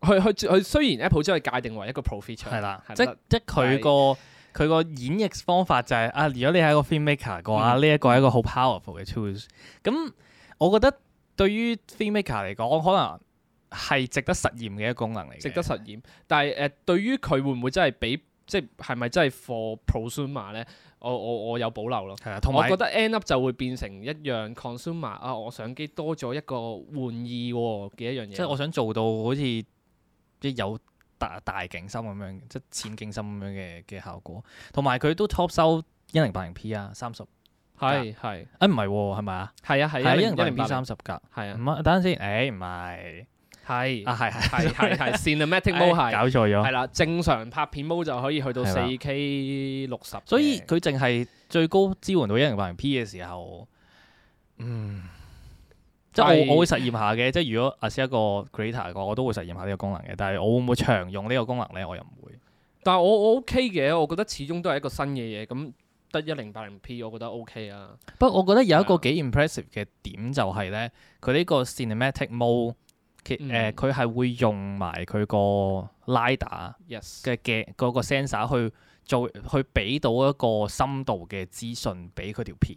佢佢佢雖然 Apple 將佢界定為一個 professional 係啦，即即佢個佢個演繹方法就係、是、啊，如果你係一個 film maker 嘅話，呢、嗯、一個係一個好 powerful 嘅 choose 咁、嗯、我覺得對於 film maker 嚟講，可能係值得實驗嘅一個功能嚟。值得實驗，但係誒、呃，對於佢會唔會真係俾即係咪真係 for prosumer 咧？我我我有保留咯。係啊，同埋我覺得 end up 就會變成一樣 consumer 啊！我相機多咗一個玩意嘅一樣嘢。即係我想做到好似。即有大大景深咁樣，即淺景深咁樣嘅嘅效果，同埋佢都 top 收一零八零 P 啊，三十。係係，啊唔係喎，係咪、哎、啊？係啊，係一零八零 P 三十格。係啊，唔、哎、係啊，等陣先，誒唔係，係啊，係係係係，Cinematic Mode 係搞錯咗。係啦，正常拍片 mode 就可以去到四 K 六十。所以佢淨係最高支援到一零八零 P 嘅時候，嗯。即係我對我，我會實驗下嘅，即係如果啊是一個 creator 個，我都會實驗下呢個功能嘅。但係我會唔會長用呢個功能咧？我又唔會。但係我我 OK 嘅，我覺得始終都係一個新嘅嘢。咁得一零八零 P，我覺得 OK 啊。不過我覺得有一個幾 impressive 嘅點就係、是、咧，佢呢的個 cinematic mode 其佢係會用埋佢個 lidar 嘅嘅個 sensor、嗯、去做去俾到一個深度嘅資訊俾佢條片。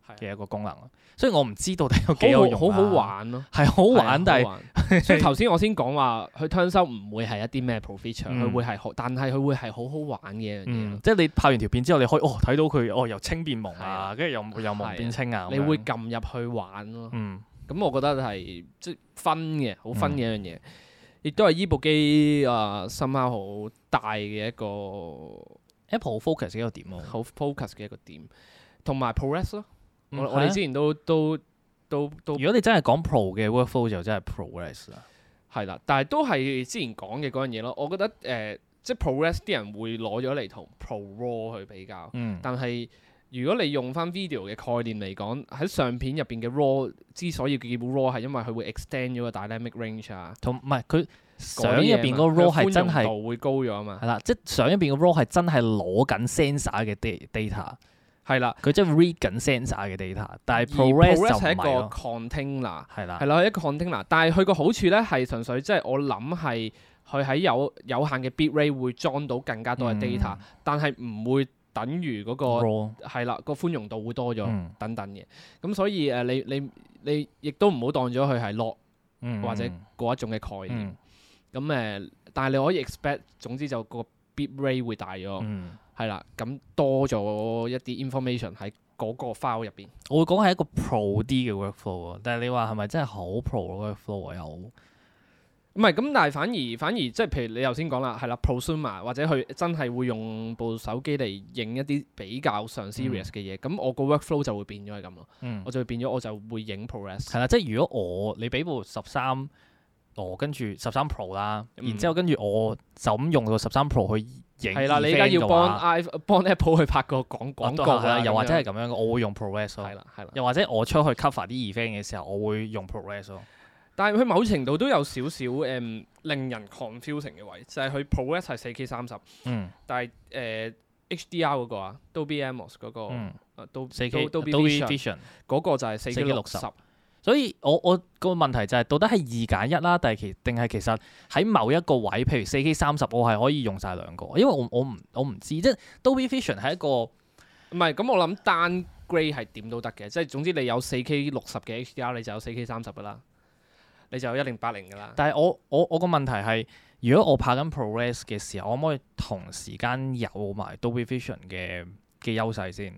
嘅一個功能咯，所以我唔知道，但係好好好好玩咯，係好玩。但係，所以頭先我先講話，佢 turn 收唔會係一啲咩 pro feature 佢會係好，但係佢會係好好玩嘅一樣嘢，即係你拍完條片之後，你可以哦睇到佢哦由清變濛啊，跟住又又濛變清啊。你會撳入去玩咯。嗯，咁我覺得係即係 fun 嘅，好 fun 嘅一樣嘢。亦都係依部機啊，深刻好大嘅一個 Apple focus 嘅一個點啊，好 focus 嘅一個點，同埋 ProRes 咯。我哋之前都都都都，都如果你真係講 pro 嘅 workflow、嗯、就真係 ProRes 啦。係啦，但係都係之前講嘅嗰樣嘢咯。我覺得誒、呃、即係 ProRes 啲人會攞咗嚟同 ProRaw 去比較，但係如果你用翻 video 嘅概念嚟講，喺相片入邊嘅 raw 之所以叫 raw 係因為佢會 extend 咗個 dynamic range 啊。同唔係，佢相入邊個 raw 係真係會高咗啊嘛。係啦，即係相入邊個 raw 係真係攞緊 sensor 嘅 data。係啦，佢即係 read 緊 sensor 嘅 data，但係 ProRes 係一個 container，係啦，係啦，一個 container。但係佢個好處咧係純粹即係我諗係佢喺有有限嘅 bit rate 會裝到更加多嘅 data，但係唔會等於嗰個係啦個寬容度會多咗等等嘅。咁所以誒，你你你亦都唔好當咗佢係 lock，或者嗰一種嘅概念。咁誒，但係你可以 expect 總之就個 bit rate 會大咗。係啦，咁多咗一啲 information 喺嗰個 file 入邊，我會講係一個 pro 啲嘅 workflow，但係你話係咪真係好 pro 嘅 workflow 好，唔係，咁但係反而反而即係譬如你頭先講啦，係啦，prosumer 或者佢真係會用部手機嚟影一啲比較上 serious 嘅嘢。咁、嗯、我個 workflow 就會變咗係咁咯。我就會變咗我就會影 ProRes。係啦、嗯，即係如果我你俾部十三，哦，跟住十三 Pro 啦，然之後跟住我就咁用個十三 Pro 去。係啦，你而家要幫 iPhone、幫 Apple 去拍個廣廣告又、哦、或者係咁樣，我會用 ProRes 咯。係啦，係啦。又或者我出去 cover 啲 event 嘅時候，我會用 ProRes 咯。但係佢某程度都有少少誒，令人 confusing 嘅位，就係、是、佢 ProRes 係 4K 三十、嗯。但係誒、呃、HDR 嗰個啊，Dolby Atmos 嗰個，那個嗯、K，啊 Do 四 K Dolby Vision 嗰 Adobe Vision, 個就係四 K 六十。所以我我個問題就係，到底係二揀一啦，但係其定係其實喺某一個位，譬如四 K 三十，我係可以用晒兩個，因為我我唔我唔知，即係 Dolby Vision 係一個唔係咁，我諗單 grade 係點都得嘅，即係總之你有四 K 六十嘅 HDR，你就有四 K 三十噶啦，你就有一零八零噶啦。但係我我我個問題係，如果我拍緊 ProRes 嘅時候，我可唔可以同時間有埋 Dolby Vision 嘅嘅優勢先？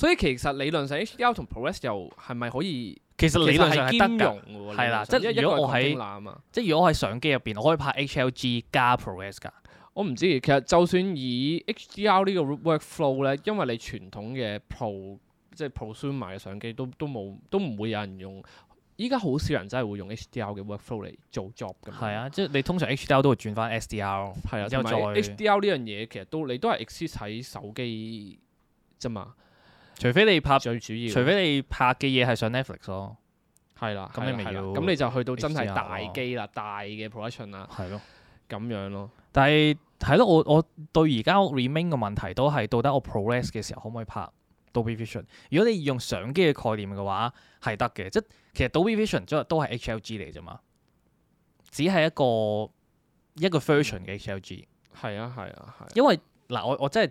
所以其實理論上 HDR 同 ProRes 又係咪可以，其實理論上係兼容㗎，係啦，即係如果我喺即係如果我喺相機入邊，我可以拍 HLG 加 ProRes 㗎。我唔知其實就算以 HDR 呢個 work flow 咧，因為你傳統嘅 Pro 即係 Prosumer 嘅相機都都冇都唔會有人用，依家好少人真係會用 HDR 嘅 work flow 嚟做 job 㗎。係啊，即係你通常 HDR 都會轉翻 SDR，係啊，HDR 呢樣嘢其實都你都係 exist 喺手機啫嘛。除非你拍最主要，除非你拍嘅嘢係上 Netflix 咯，係啦，咁你咪要，咁你就去到真係大機啦，大嘅 production 啦，係咯，咁樣咯。但係係咯，我我對而家 remain 嘅問題都係，到底我 ProRes 嘅時候可唔可以拍 Dolby Vision？如果你用相機嘅概念嘅話，係得嘅，即其實 Dolby Vision 都係 HLG 嚟啫嘛，只係一個一個 version 嘅 HLG。係啊，係啊，係。因為嗱，我我真係。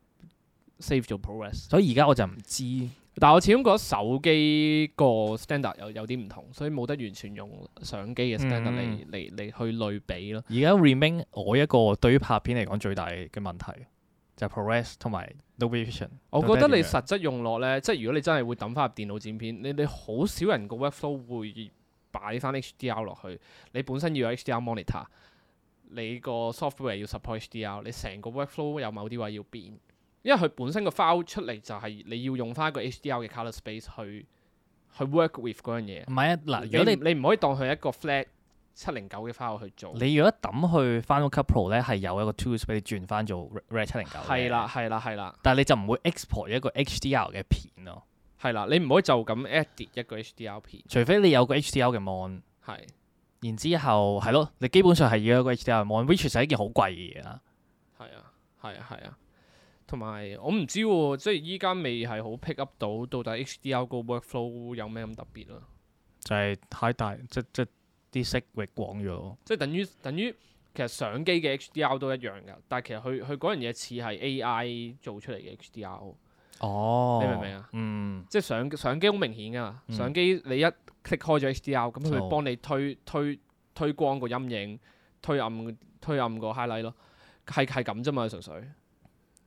save 做 ProRes 所以而家我就唔知。但我始終覺得手機個 standard 有有啲唔同，所以冇得完全用相機嘅 standard 嚟嚟、嗯、去類比咯。而家 remain 我一個對於拍片嚟講最大嘅問題就係、ProRes 同埋 Dolby Vision。我覺得你實質用落呢，即係如果你真係會抌翻入電腦剪片，你你好少人個 workflow 會擺翻 HDR 落去。你本身要有 HDR monitor，你, soft DR, 你個 software 要 support HDR，你成個 workflow 有某啲位要變。因為佢本身個 file 出嚟就係你要用翻一個 HDR 嘅 color space 去去 work with 嗰是樣嘢，唔係啊嗱，如果你你唔可以當佢一個 flat 七零九嘅 file 去做，你如果抌去 Final Cut Pro 咧係有一個 tools 俾你轉翻做 Rec 七零九，係啦係啦係啦，但係你就唔會 export 一個 HDR 嘅片咯，係啦，你唔可以就咁 edit 一個 HDR 片，除非你有個 HDR 嘅 mon，係，的然之後係咯，你基本上係要一個 HDR 嘅 mon，which 係一件好貴嘅嘢啦，係啊係啊係啊。同埋我唔知喎、啊，即係依家未係好 pick up 到到底 HDR 個 workflow 有咩咁特別咯？就係太大，即即啲色域廣咗。即係等於等於其實相機嘅 HDR 都一樣㗎，但係其實佢佢嗰樣嘢似係 AI 做出嚟嘅 HDR。哦，你明唔明啊？嗯、即係相相機好明顯㗎嘛，嗯、相機你一 click 開咗 HDR，咁佢幫你推推推光個陰影，推暗推暗個 highlight 咯，係係咁啫嘛，純粹。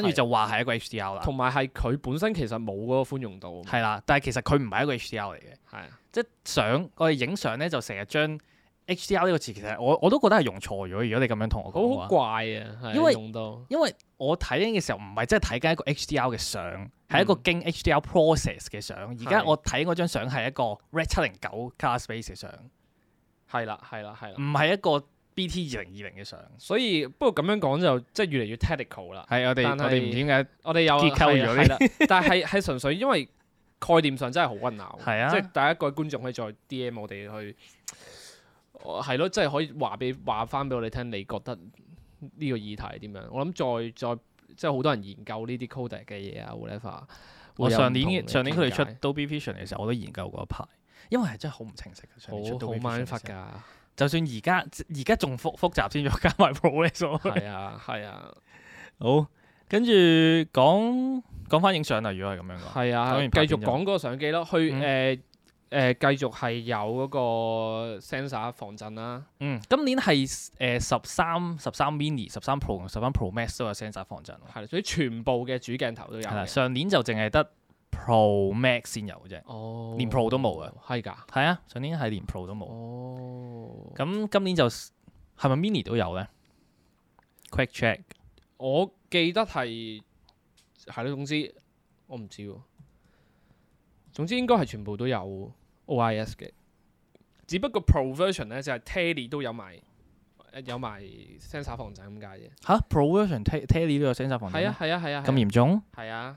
跟住就話係一個 HDR 啦，同埋係佢本身其實冇嗰個寬容度。係啦，但係其實佢唔係一個 HDR 嚟嘅。係的，即係相我哋影相咧，就成日將 HDR 呢個詞，其實我我都覺得係用錯咗。如果你咁樣同我講，好怪啊！因為用到因為我睇嘅時候唔係真係睇緊一個 HDR 嘅相，係一個經 HDR process 嘅相。而家、嗯、我睇嗰張相係一個 Red 709 Color Space 嘅相，係啦，係啦，係啦，唔係的一個，B T 二零二零嘅相，所以不過咁樣講就即係越嚟越 technical 啦。係我哋但是 我哋唔點解我哋又結構咗呢？ 但係係純粹因為概念上真係好困難。係是啊，即係大家各位觀眾可以再 D M 我哋去，係、呃、咯，即係、就是、可以話俾話翻俾我哋聽，你覺得呢個議題點樣？我諗再再即係好多人研究呢啲 codec 嘅嘢啊，whatever。會會我上年我上年佢哋出 Dolby Vision 嘅時候，我都研究過一排，因為係真係好唔清晰，好 m 就算而家而家仲復複雜先，再加埋 Pro Max 咯。係啊，係啊。好，跟住講講翻影相啊。如果係咁樣講，係啊，繼續講嗰個相機咯。去誒誒，繼續係有嗰個 sensor 防震啦、啊。嗯，今年係誒十三十三 mini、十三 Pro 同十三 Pro Max 都有 sensor 防震、啊。係、啊，所以全部嘅主鏡頭都有、啊。上年就淨係得。Pro Max 先有嘅啫，哦、連 Pro 都冇嘅，係噶？，係啊，上年係連 Pro 都冇，咁、哦、今年就係咪 Mini 都有咧？Quick check，我記得係係咯，總之我唔知，總之應該係全部都有 OIS 嘅，只不過 Pro Version 咧就係、是、Tele 都有埋有埋 sensor 防震。o 咁解啫，吓 Pro Version Tele 都有 sensor 防震，o 係啊係啊係啊，咁嚴重，係啊。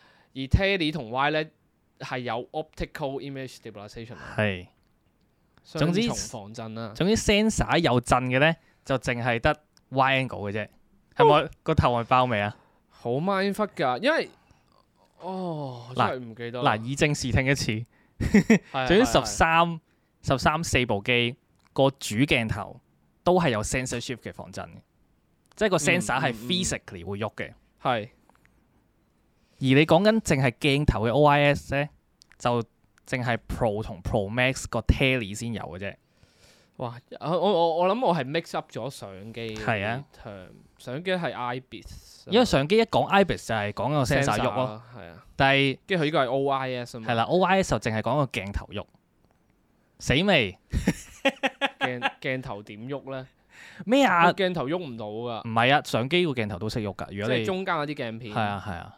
而 tele 同 wide 咧係有 optical image stabilization，係雙重防震啦。總之 sensor 有震嘅咧，就淨係得 wide angle 嘅啫。係咪個頭係包尾啊？好 mind 忽㗎，因為哦嗱唔記得啦。以正視聽一次，總之十三十三四部機個主鏡頭都係有 sensor shift 嘅防震嘅，即係個 sensor 係 physically 會喐嘅。係。而你講緊淨係鏡頭嘅 OIS 咧，就淨係 Pro 同 Pro Max 個 Tele 先有嘅啫。哇！我我我諗我係 mix up 咗相機。係啊，相機係 ibis。因為相機一講 ibis 就係講個 sensor 喐咯。係啊。但係跟住佢依個係 OIS。係啦，OIS 就淨係講個鏡頭喐。死未？鏡鏡頭點喐咧？咩啊？鏡頭喐唔到㗎。唔係啊，相機個鏡頭都識喐㗎。如果你中間嗰啲鏡片。係啊，係啊。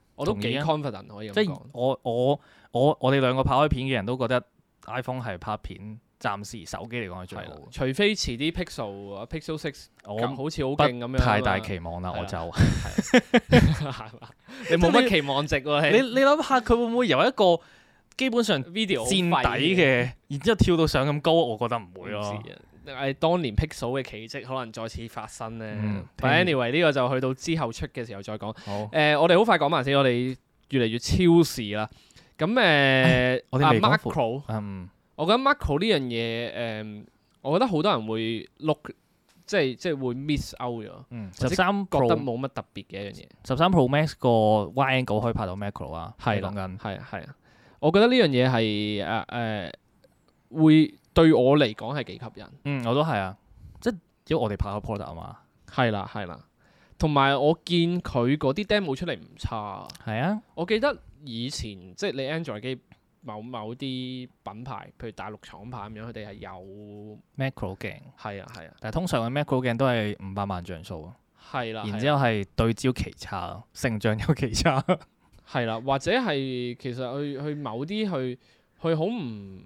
我都幾 confident 可以咁講，即係我我我我哋兩個拍開片嘅人都覺得 iPhone 係拍片暫時手機嚟講係最好，除非遲啲 Pixel Pixel Six 咁好似好勁咁樣，太大期望啦的我就，的 你冇乜期望值喎，你你諗下佢會唔會由一個基本上 video 墊底嘅，然之後跳到上咁高，我覺得唔會咯。係當年 Pixel 嘅奇跡，可能再次發生咧。但 anyway 呢個就去到之後出嘅時候再講。好、哦，誒我哋好快講埋先，我哋越嚟越超時啦。咁誒阿 Macro，嗯，啊、我諗 Macro 呢樣嘢，誒、MM. 嗯，我覺得好多人會 look，即係即係會 miss out 咗。十三覺得冇乜特別嘅一樣嘢。十三 Pro, Pro Max 個 Y Angle 可以拍到 Macro 啦啊，係講緊，係係我覺得呢樣嘢係誒誒會。對我嚟講係幾吸引，嗯，我都係啊，即係只要我哋拍個 product 啊嘛，係啦係啦，同埋、啊、我見佢嗰啲 demo 出嚟唔差，係啊，我記得以前即係你 Android 機某某啲品牌，譬如大陸廠牌咁樣，佢哋係有 macro 鏡，係啊係啊，啊但係通常嘅 macro 鏡都係五百萬像素啊，係啦，然之後係對焦奇差，啊、成像又奇差，係 啦、啊，或者係其實去去某啲去佢好唔。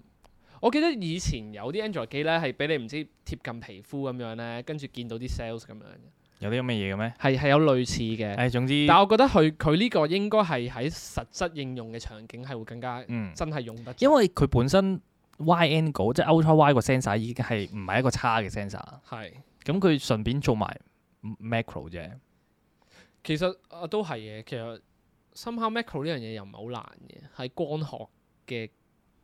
我記得以前有啲 Android 機咧，係俾你唔知貼近皮膚咁樣咧，跟住見到啲 cells 咁樣嘅。有啲咁嘅嘢嘅咩？係係有類似嘅。係、哎、總之。但係我覺得佢佢呢個應該係喺實質應用嘅場景係會更加真係用得、嗯。因為佢本身 wide angle 即係 ultra wide 個 sensor 已經係唔係一個差嘅 sensor 是。係、嗯。咁佢順便做埋 macro 啫。其實都係嘅，其實 somehow macro 呢樣嘢又唔係好難嘅，係光學嘅，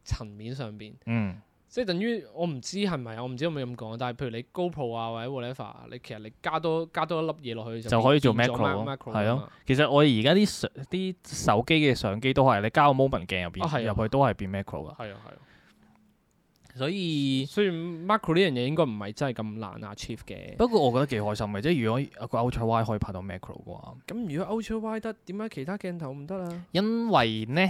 層面上邊，嗯、即係等於我唔知係咪啊，我唔知可唔可以咁講，但係譬如你 GoPro 啊，或者 Whatever，你其實你加多加多一粒嘢落去就，變變就可以做 macro 咯 mac、啊，咯嗎。其實我哋而家啲相、啲手，手機嘅相機都係你加個 moment 鏡入邊入去都係變 macro 噶。係啊係啊，啊，所以雖然 macro 呢樣嘢應該唔係真係咁難 achieve 嘅，不過我覺得幾開心嘅，即係如果個 Ultra Wide 可以拍到 macro 嘅話，咁如果 Ultra Wide 得，點解其他鏡頭唔得啊？因為呢？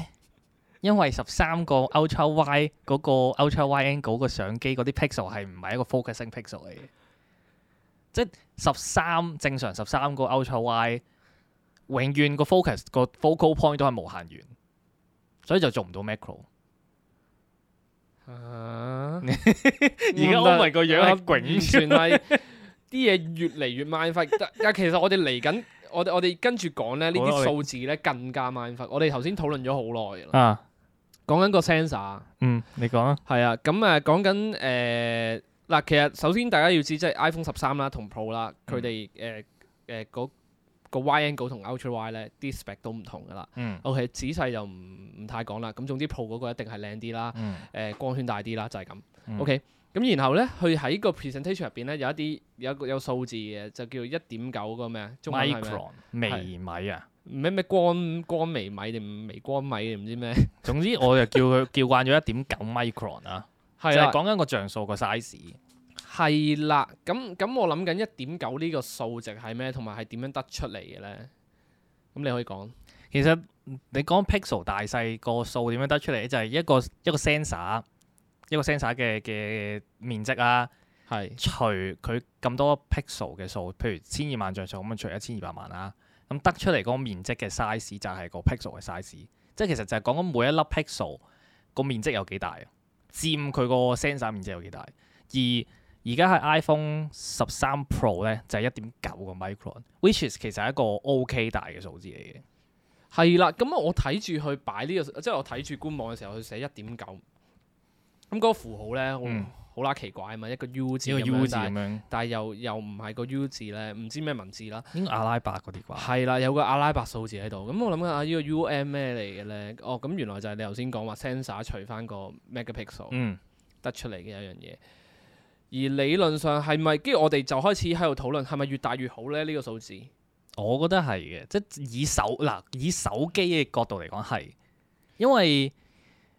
因為十三個 ultra wide 嗰個 ultra wide angle 個相機嗰啲 pixel 係唔係一個 focusing pixel 嚟嘅，即十三，正常十三個 ultra wide 永遠個 focus 個 focal point 都係無限遠，所以就做唔到 macro。而家歐文個樣係囧行算係啲嘢越嚟越慢佛。但其實我哋嚟緊，我哋我哋跟住講咧，呢啲數字咧更加慢佛。我哋頭先討論咗好耐啦。啊講緊個 sensor，嗯，你講啊，係啊，咁啊講緊誒嗱，其實首先大家要知即係 iPhone 十三啦同 Pro 啦，佢哋誒誒嗰個 Y angle 同 Ultra Y 咧啲 spec 都唔同㗎啦。嗯、O.K. 仔細就唔唔太講啦。咁總之 Pro 嗰個一定係靚啲啦，誒、嗯、光圈大啲啦，就係、是、咁。嗯、O.K. 咁然後咧，佢喺個 presentation 入邊咧有一啲有一個有一個數字嘅，就叫一點九個咩啊，微米啊。咩咩光光微米定微光米唔知咩？總之我就叫佢叫慣咗一點九 micron 啦，啊， 就係講緊個像素、 啊啊、個 size。係啦，咁咁我諗緊一點九呢個數值係咩？同埋係點樣得出嚟嘅咧？咁你可以講。其實你講 pixel 大細個數點樣得出嚟？就係、是、一個一個 sensor 一個 sensor 嘅嘅面積啊，係是除佢咁多 pixel 嘅數，譬如千二萬像素咁樣除一千二百萬啦，啊。咁得出嚟嗰個面積嘅 size 就係個 pixel 嘅 size，即係其實就係講緊每一粒 pixel 個面積有幾大，佔佢個 sensor 面積有幾大。而而家喺 iPhone 十三 Pro 咧就係一點九個 micron，which is 其實係一個 OK 大嘅數字嚟嘅。係啦，咁啊，我睇住去擺呢個，即係我睇住官網嘅時候去寫一點九，咁嗰個符號咧。嗯好啦，奇怪啊嘛，一個 U 字咁樣，但係又又唔係個 U 字咧，唔但知咩文字啦。應該阿拉伯嗰啲啩？係啦，有個阿拉伯數字喺度。咁我諗下啊，呢、這個 U M 咩嚟嘅咧？哦，咁、嗯嗯、原來就係你頭先講話 sensor 除翻個 megapixel 得出嚟嘅一樣嘢。而理論上係咪？跟住我哋就開始喺度討論係咪越大越好咧？呢、這個數字，我覺得係嘅，即係以手嗱、呃、以手機嘅角度嚟講係，因為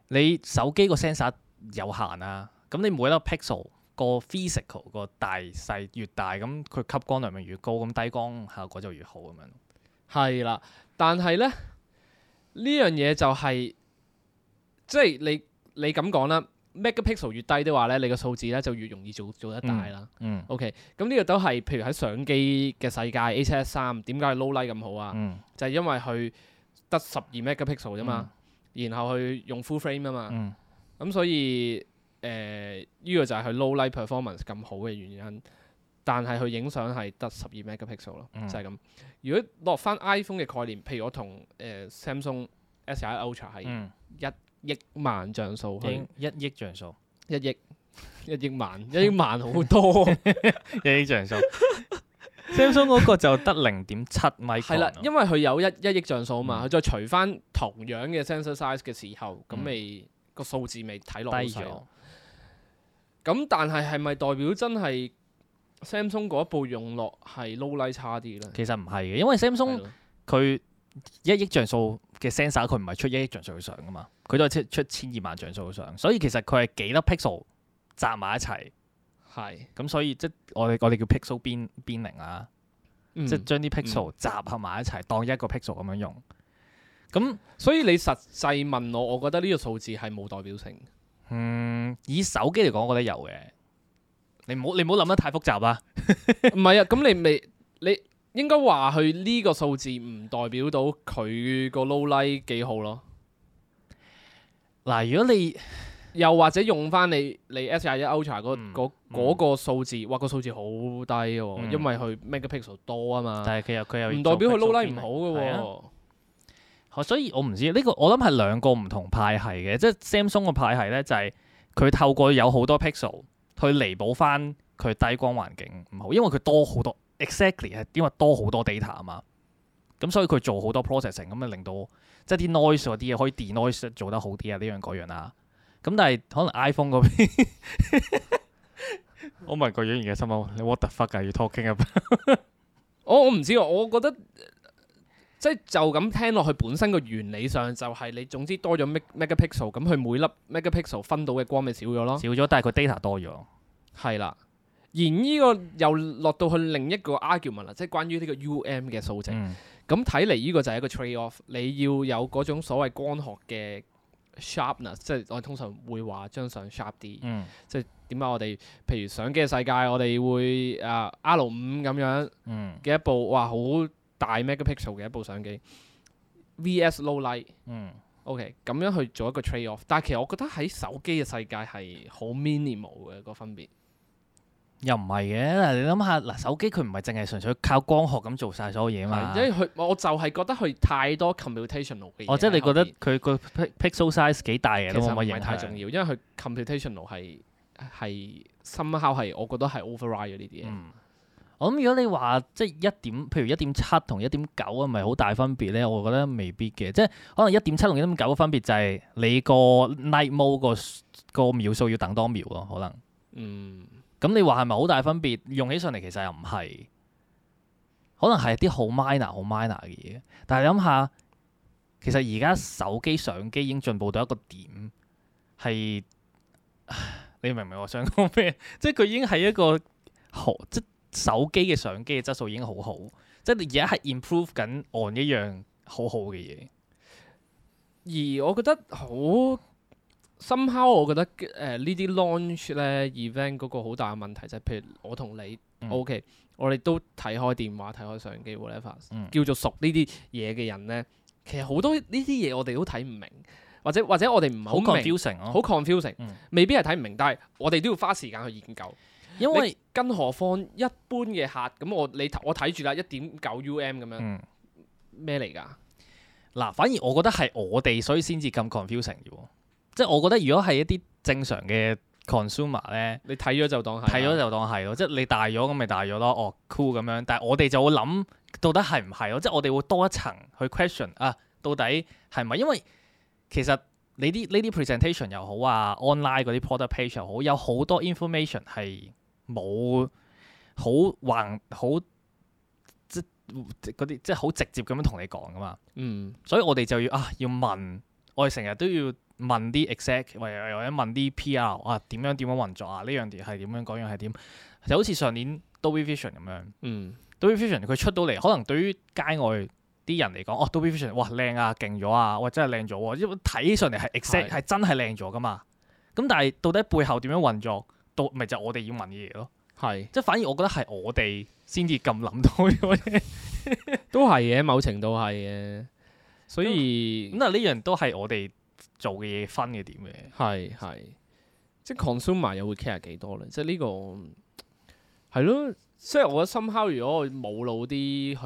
你手機個 sensor 有限啊。咁你每一個 pixel 個 physical 個大細越大，咁佢吸光量咪越高，咁低光效果就越好咁樣。係啦，但係咧呢、就是、樣嘢就係即係你你咁講啦，megapixel 越低的話咧，你個數字咧就越容易做做得大啦。O K，咁呢個都係譬如喺相機嘅世界 h S 三點解佢 low light 咁好啊？嗯、就係因為佢得十二 megapixel 啫嘛，嗯、然後佢用 full frame 啊嘛。嗯。咁、嗯嗯、所以誒，呢個就係佢 low light performance 咁好嘅原因，但係佢影相係得十二 megapixel 咯，就係咁。如果落翻 iPhone 嘅概念，譬如我同 Samsung S1 Ultra 係一億萬像素，一億像素，一億一億萬，一億萬好多，一億像素。Samsung 嗰個就得零點七米。係啦，因為佢有一一億像素啊嘛，佢再除翻同樣嘅 sensor size 嘅時候，咁咪個數字咪睇落低咗。咁但係係咪代表真係 Samsung 嗰一部用落係 low light 差啲咧？其實唔係嘅，因為 Samsung 佢一億像素嘅 sensor 佢唔係出一億像素嘅相㗎嘛，佢都係出出千二萬像素嘅相，所以其實佢係幾粒 pixel 集埋一齊。係是。咁所以即我哋我哋叫 pixel 邊編零啊，嗯、即係將啲 pixel 集合埋一齊當一個 pixel 咁樣用。咁、嗯、所以你實際問我，我覺得呢個數字係冇代表性。嗯，以手機嚟講，我覺得有嘅。你唔好你唔好諗得太複雜 啊。唔係啊，咁你未你應該話佢呢個數字唔代表到佢個 low light 幾好咯。嗱，如果你又或者用翻你你 S 廿一 Ultra 嗰嗰、嗯嗰個數字，嗯、哇，嗰個數字好低喎，嗯、因為佢 megapixel 多啊嘛。但係其實佢又唔代表佢 low light 唔好嘅喎。所以我唔知呢、呢個，我諗係兩個唔同派系嘅，即係 Samsung 個派系呢，就係佢透過有好多 pixel 去彌補翻佢低光環境唔好，因為佢多好多，exactly 係因為多好多 data 啊嘛。咁、嗯、所以佢做好多 processing，咁、嗯、啊令到即係啲 noise 嗰啲嘢可以 denoise 做得好啲啊，呢樣嗰樣啦。咁但係可能 iPhone 嗰邊，我問個演員嘅新聞，你 what the fuck are you talking about？我我唔知啊，我覺得。即係就咁聽落去，本身個原理上就係你總之多咗 megapixel，咁佢每粒 megapixel 分到嘅光咪少咗咯。少咗，但係佢 data 多咗。係啦，而呢個又落到去另一個 argument 啦，即係關於呢個 UM 嘅數值。咁睇嚟呢個就係一個 trade off。你要有嗰種所謂光學嘅 sharpness，即係我哋通常會話張相 sharp 啲。嗯、即係點解我哋譬如相機嘅世界，我哋會啊、呃、R 五咁樣嘅、嗯、一部，哇好！大 megapixel 嘅一部相機，vs low light，嗯，OK，咁樣去做一個 trade off，但係其實我覺得喺手機嘅世界係好 minimal 嘅個分別。又唔係嘅，你諗下嗱，手機佢唔係淨係純粹靠光學咁做晒所有嘢嘛？因為佢，我就係覺得佢太多 computational 嘅嘢。哦，即係你覺得佢個 pixel size 幾大嘅咁，我認為唔係太重要，嗯、因為佢 computational 係係 somehow 係我覺得係 override 咗呢啲嘢。嗯我諗，如果你話即係一點，譬如一點七同一點九啊，係咪好大分別呢？我覺得未必嘅，即係可能一點七同一點九嘅分別就係你個 night mode 個個秒數要等多秒咯。可能咁、嗯、你話係咪好大分別？用起上嚟其實又唔係，可能係啲好 minor 好 minor 嘅嘢。但係諗下，其實而家手機相機已經進步到一個點係你明唔明？我想講咩？即係佢已經係一個即。手機嘅相機嘅質素已經好好，即係你而家係 improve 緊按一樣好好嘅嘢。而我覺得好深刻，Somehow, 我覺得誒呢啲 launch 咧 event 嗰個好大嘅問題就係、是，譬如我同你、嗯、OK，我哋都睇開電話睇開相機 whatever、嗯、叫做熟呢啲嘢嘅人咧，其實好多呢啲嘢我哋都睇唔明，或者或者我哋唔係好明，好 confusing，conf、哦、未必係睇唔明，但係我哋都要花時間去研究。因為，更何況一般嘅客，咁我你我睇住啦，一點九 UM 咁樣，咩嚟㗎？嗱，反而我覺得係我哋所以先至咁 confusing 嘅，即係我覺得如果係一啲正常嘅 consumer 咧，你睇咗就當係，睇咗就當係咯， 即係你大咗咁咪大咗咯，哦 cool 咁樣，但係我哋就會諗到底係唔係咯？即係我哋會多一層去 question 啊，到底係咪？因為其實你啲呢啲 presentation 又好啊，online 嗰啲 product page 又好，有好多 information 係。冇好橫好即嗰啲即係好直接咁樣同你講噶嘛，嗯、所以我哋就要啊要問，我哋成日都要問啲 exact，或者問啲 PR 啊點樣點樣運作啊呢樣嘢係點樣，嗰樣係點、啊，就好似上年 Dolby Vision 咁樣、嗯、，Dolby Vision 佢出到嚟，可能對於街外啲人嚟講，哦、啊、Dolby Vision 哇靚啊，勁咗啊，哇真係靚咗，因為睇上嚟係 exact 係真係靚咗噶嘛，咁但係到底背後點樣運作？都唔就我哋要問嘅嘢咯是，係即係反而我覺得係我哋先至咁諗到嘅，都係嘅，某程度係嘅，所以咁啊呢樣都係我哋做嘅嘢分嘅點嘅，係係，即係 consumer 又會 care 幾多咧，即係、這、呢個係咯。雖然我覺得，深烤，如果我冇腦啲，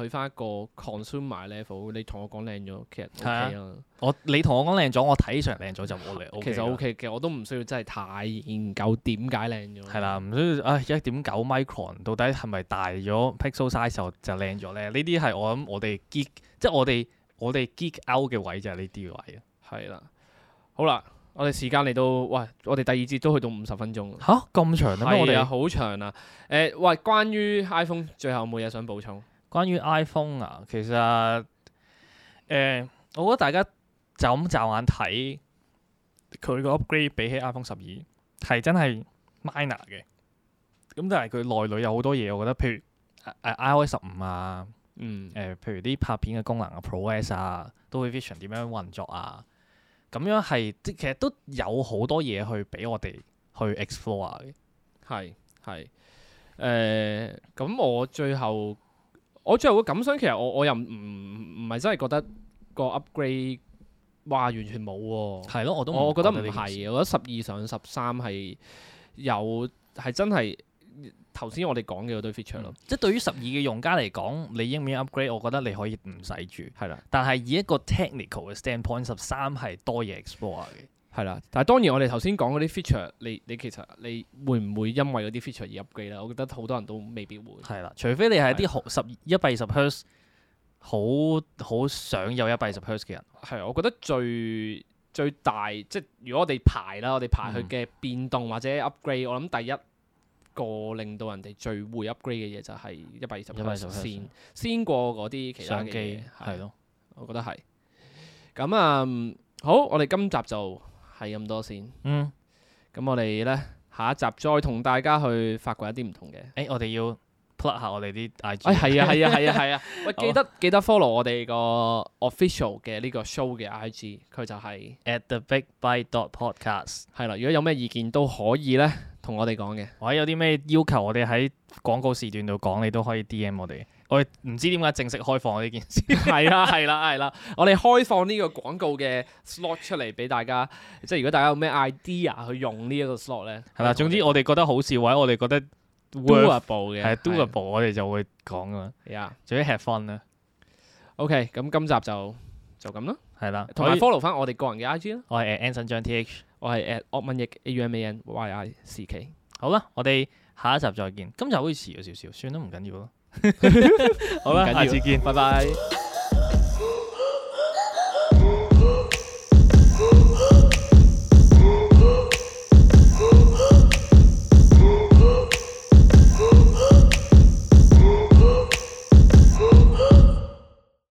去翻一個 consumer level，你同我講靚咗，其實 O K 啦。我你同我講靚咗，我睇上靚咗就冇嚟。其實 O K 嘅， 我都唔需要真係太研究點解靚咗。係啦、啊，唔需要。唉、哎、一點九 micron 到底係咪大咗 pixel size 就靚咗咧？呢啲係我諗我哋 geek 即係我哋我哋 geek out 嘅位就係呢啲位。係啦、啊，好啦。我哋時間嚟到，喂！我哋第二節都去到五十分鐘啊！嚇咁長、啊、長啊！哋、呃、啊，好長啊！誒，喂，關於 iPhone，最後冇嘢想補充？關於 iPhone 啊，其實誒、呃，我覺得大家就咁驟眼睇，佢個 upgrade 比起 iPhone 十二係真係 minor 嘅。咁但係佢內裏有好多嘢，我覺得譬、啊嗯呃，譬如誒 iOS 十五啊，嗯，誒，譬如啲拍片嘅功能啊，ProRes 啊，都會 Vision 點樣運作啊。咁樣係，其實都有好多嘢去俾我哋去 explore 嘅。係係，誒，咁、呃、我最後我最後嘅感想，其實我我又唔唔係真係覺得個 upgrade 哇完全冇、啊，係咯，我都覺我覺得唔係，我覺得十二上十三係有係真係。頭先我哋講嘅嗰堆 feature 咯、嗯，即係對於十二嘅用家嚟講，你應唔應 upgrade？我覺得你可以唔使住，係啦。但係以一個 technical 嘅 standpoint，十三係多嘢 explore 嘅，係啦。但係當然我哋頭先講嗰啲 feature，你你其實你會唔會因為嗰啲 feature 而 upgrade 咧？我覺得好多人都未必會，係啦。除非你係啲好十一百二十 Hz，好好想有一百二十 Hz 嘅人。係我覺得最最大即係如果我哋排啦，我哋排佢嘅變動或者 upgrade，我諗第一。嗯個令到人哋最會 upgrade 嘅嘢就係一百二十線，線先過嗰啲其他嘅。相機係咯，的對了 我覺得係。咁、嗯、啊，好，我哋今集就係咁多先。嗯，咁我哋咧下一集再同大家去發掘一啲唔同嘅。誒、哎，我哋要 plug 下我哋啲 IG。係、哎、啊，係啊，係啊，係啊。喂，記得記得 follow 我哋個 official 嘅呢個 show 嘅 IG、就是。佢就係 at the big byte dot podcast。係啦，如果有咩意見都可以咧。 同我哋講嘅，或者有啲咩要求，我哋喺廣告時段度講，你都可以 DM 我哋。我哋唔知點解正式開放呢件事。係啦係啦係啦，我哋開放呢個廣告嘅 slot 出嚟俾大家，即係、啊啊啊、如果大家有咩 idea 去用呢一個 slot 咧，係啦。總之我哋覺得好笑或者我哋覺得 doable 嘅，係 doable，我哋就會講噶。係啊 yeah.，總之吃分啦。OK，咁今集就就咁咯。係啦，同埋 follow 翻我哋個人嘅 IG 啦。我係 at Anson Cheung TH，我係 at Auman Y I C K。好啦，我哋下一集再見。今集好似遲咗少少，算啦，唔緊要咯。好啦，下次見，拜拜。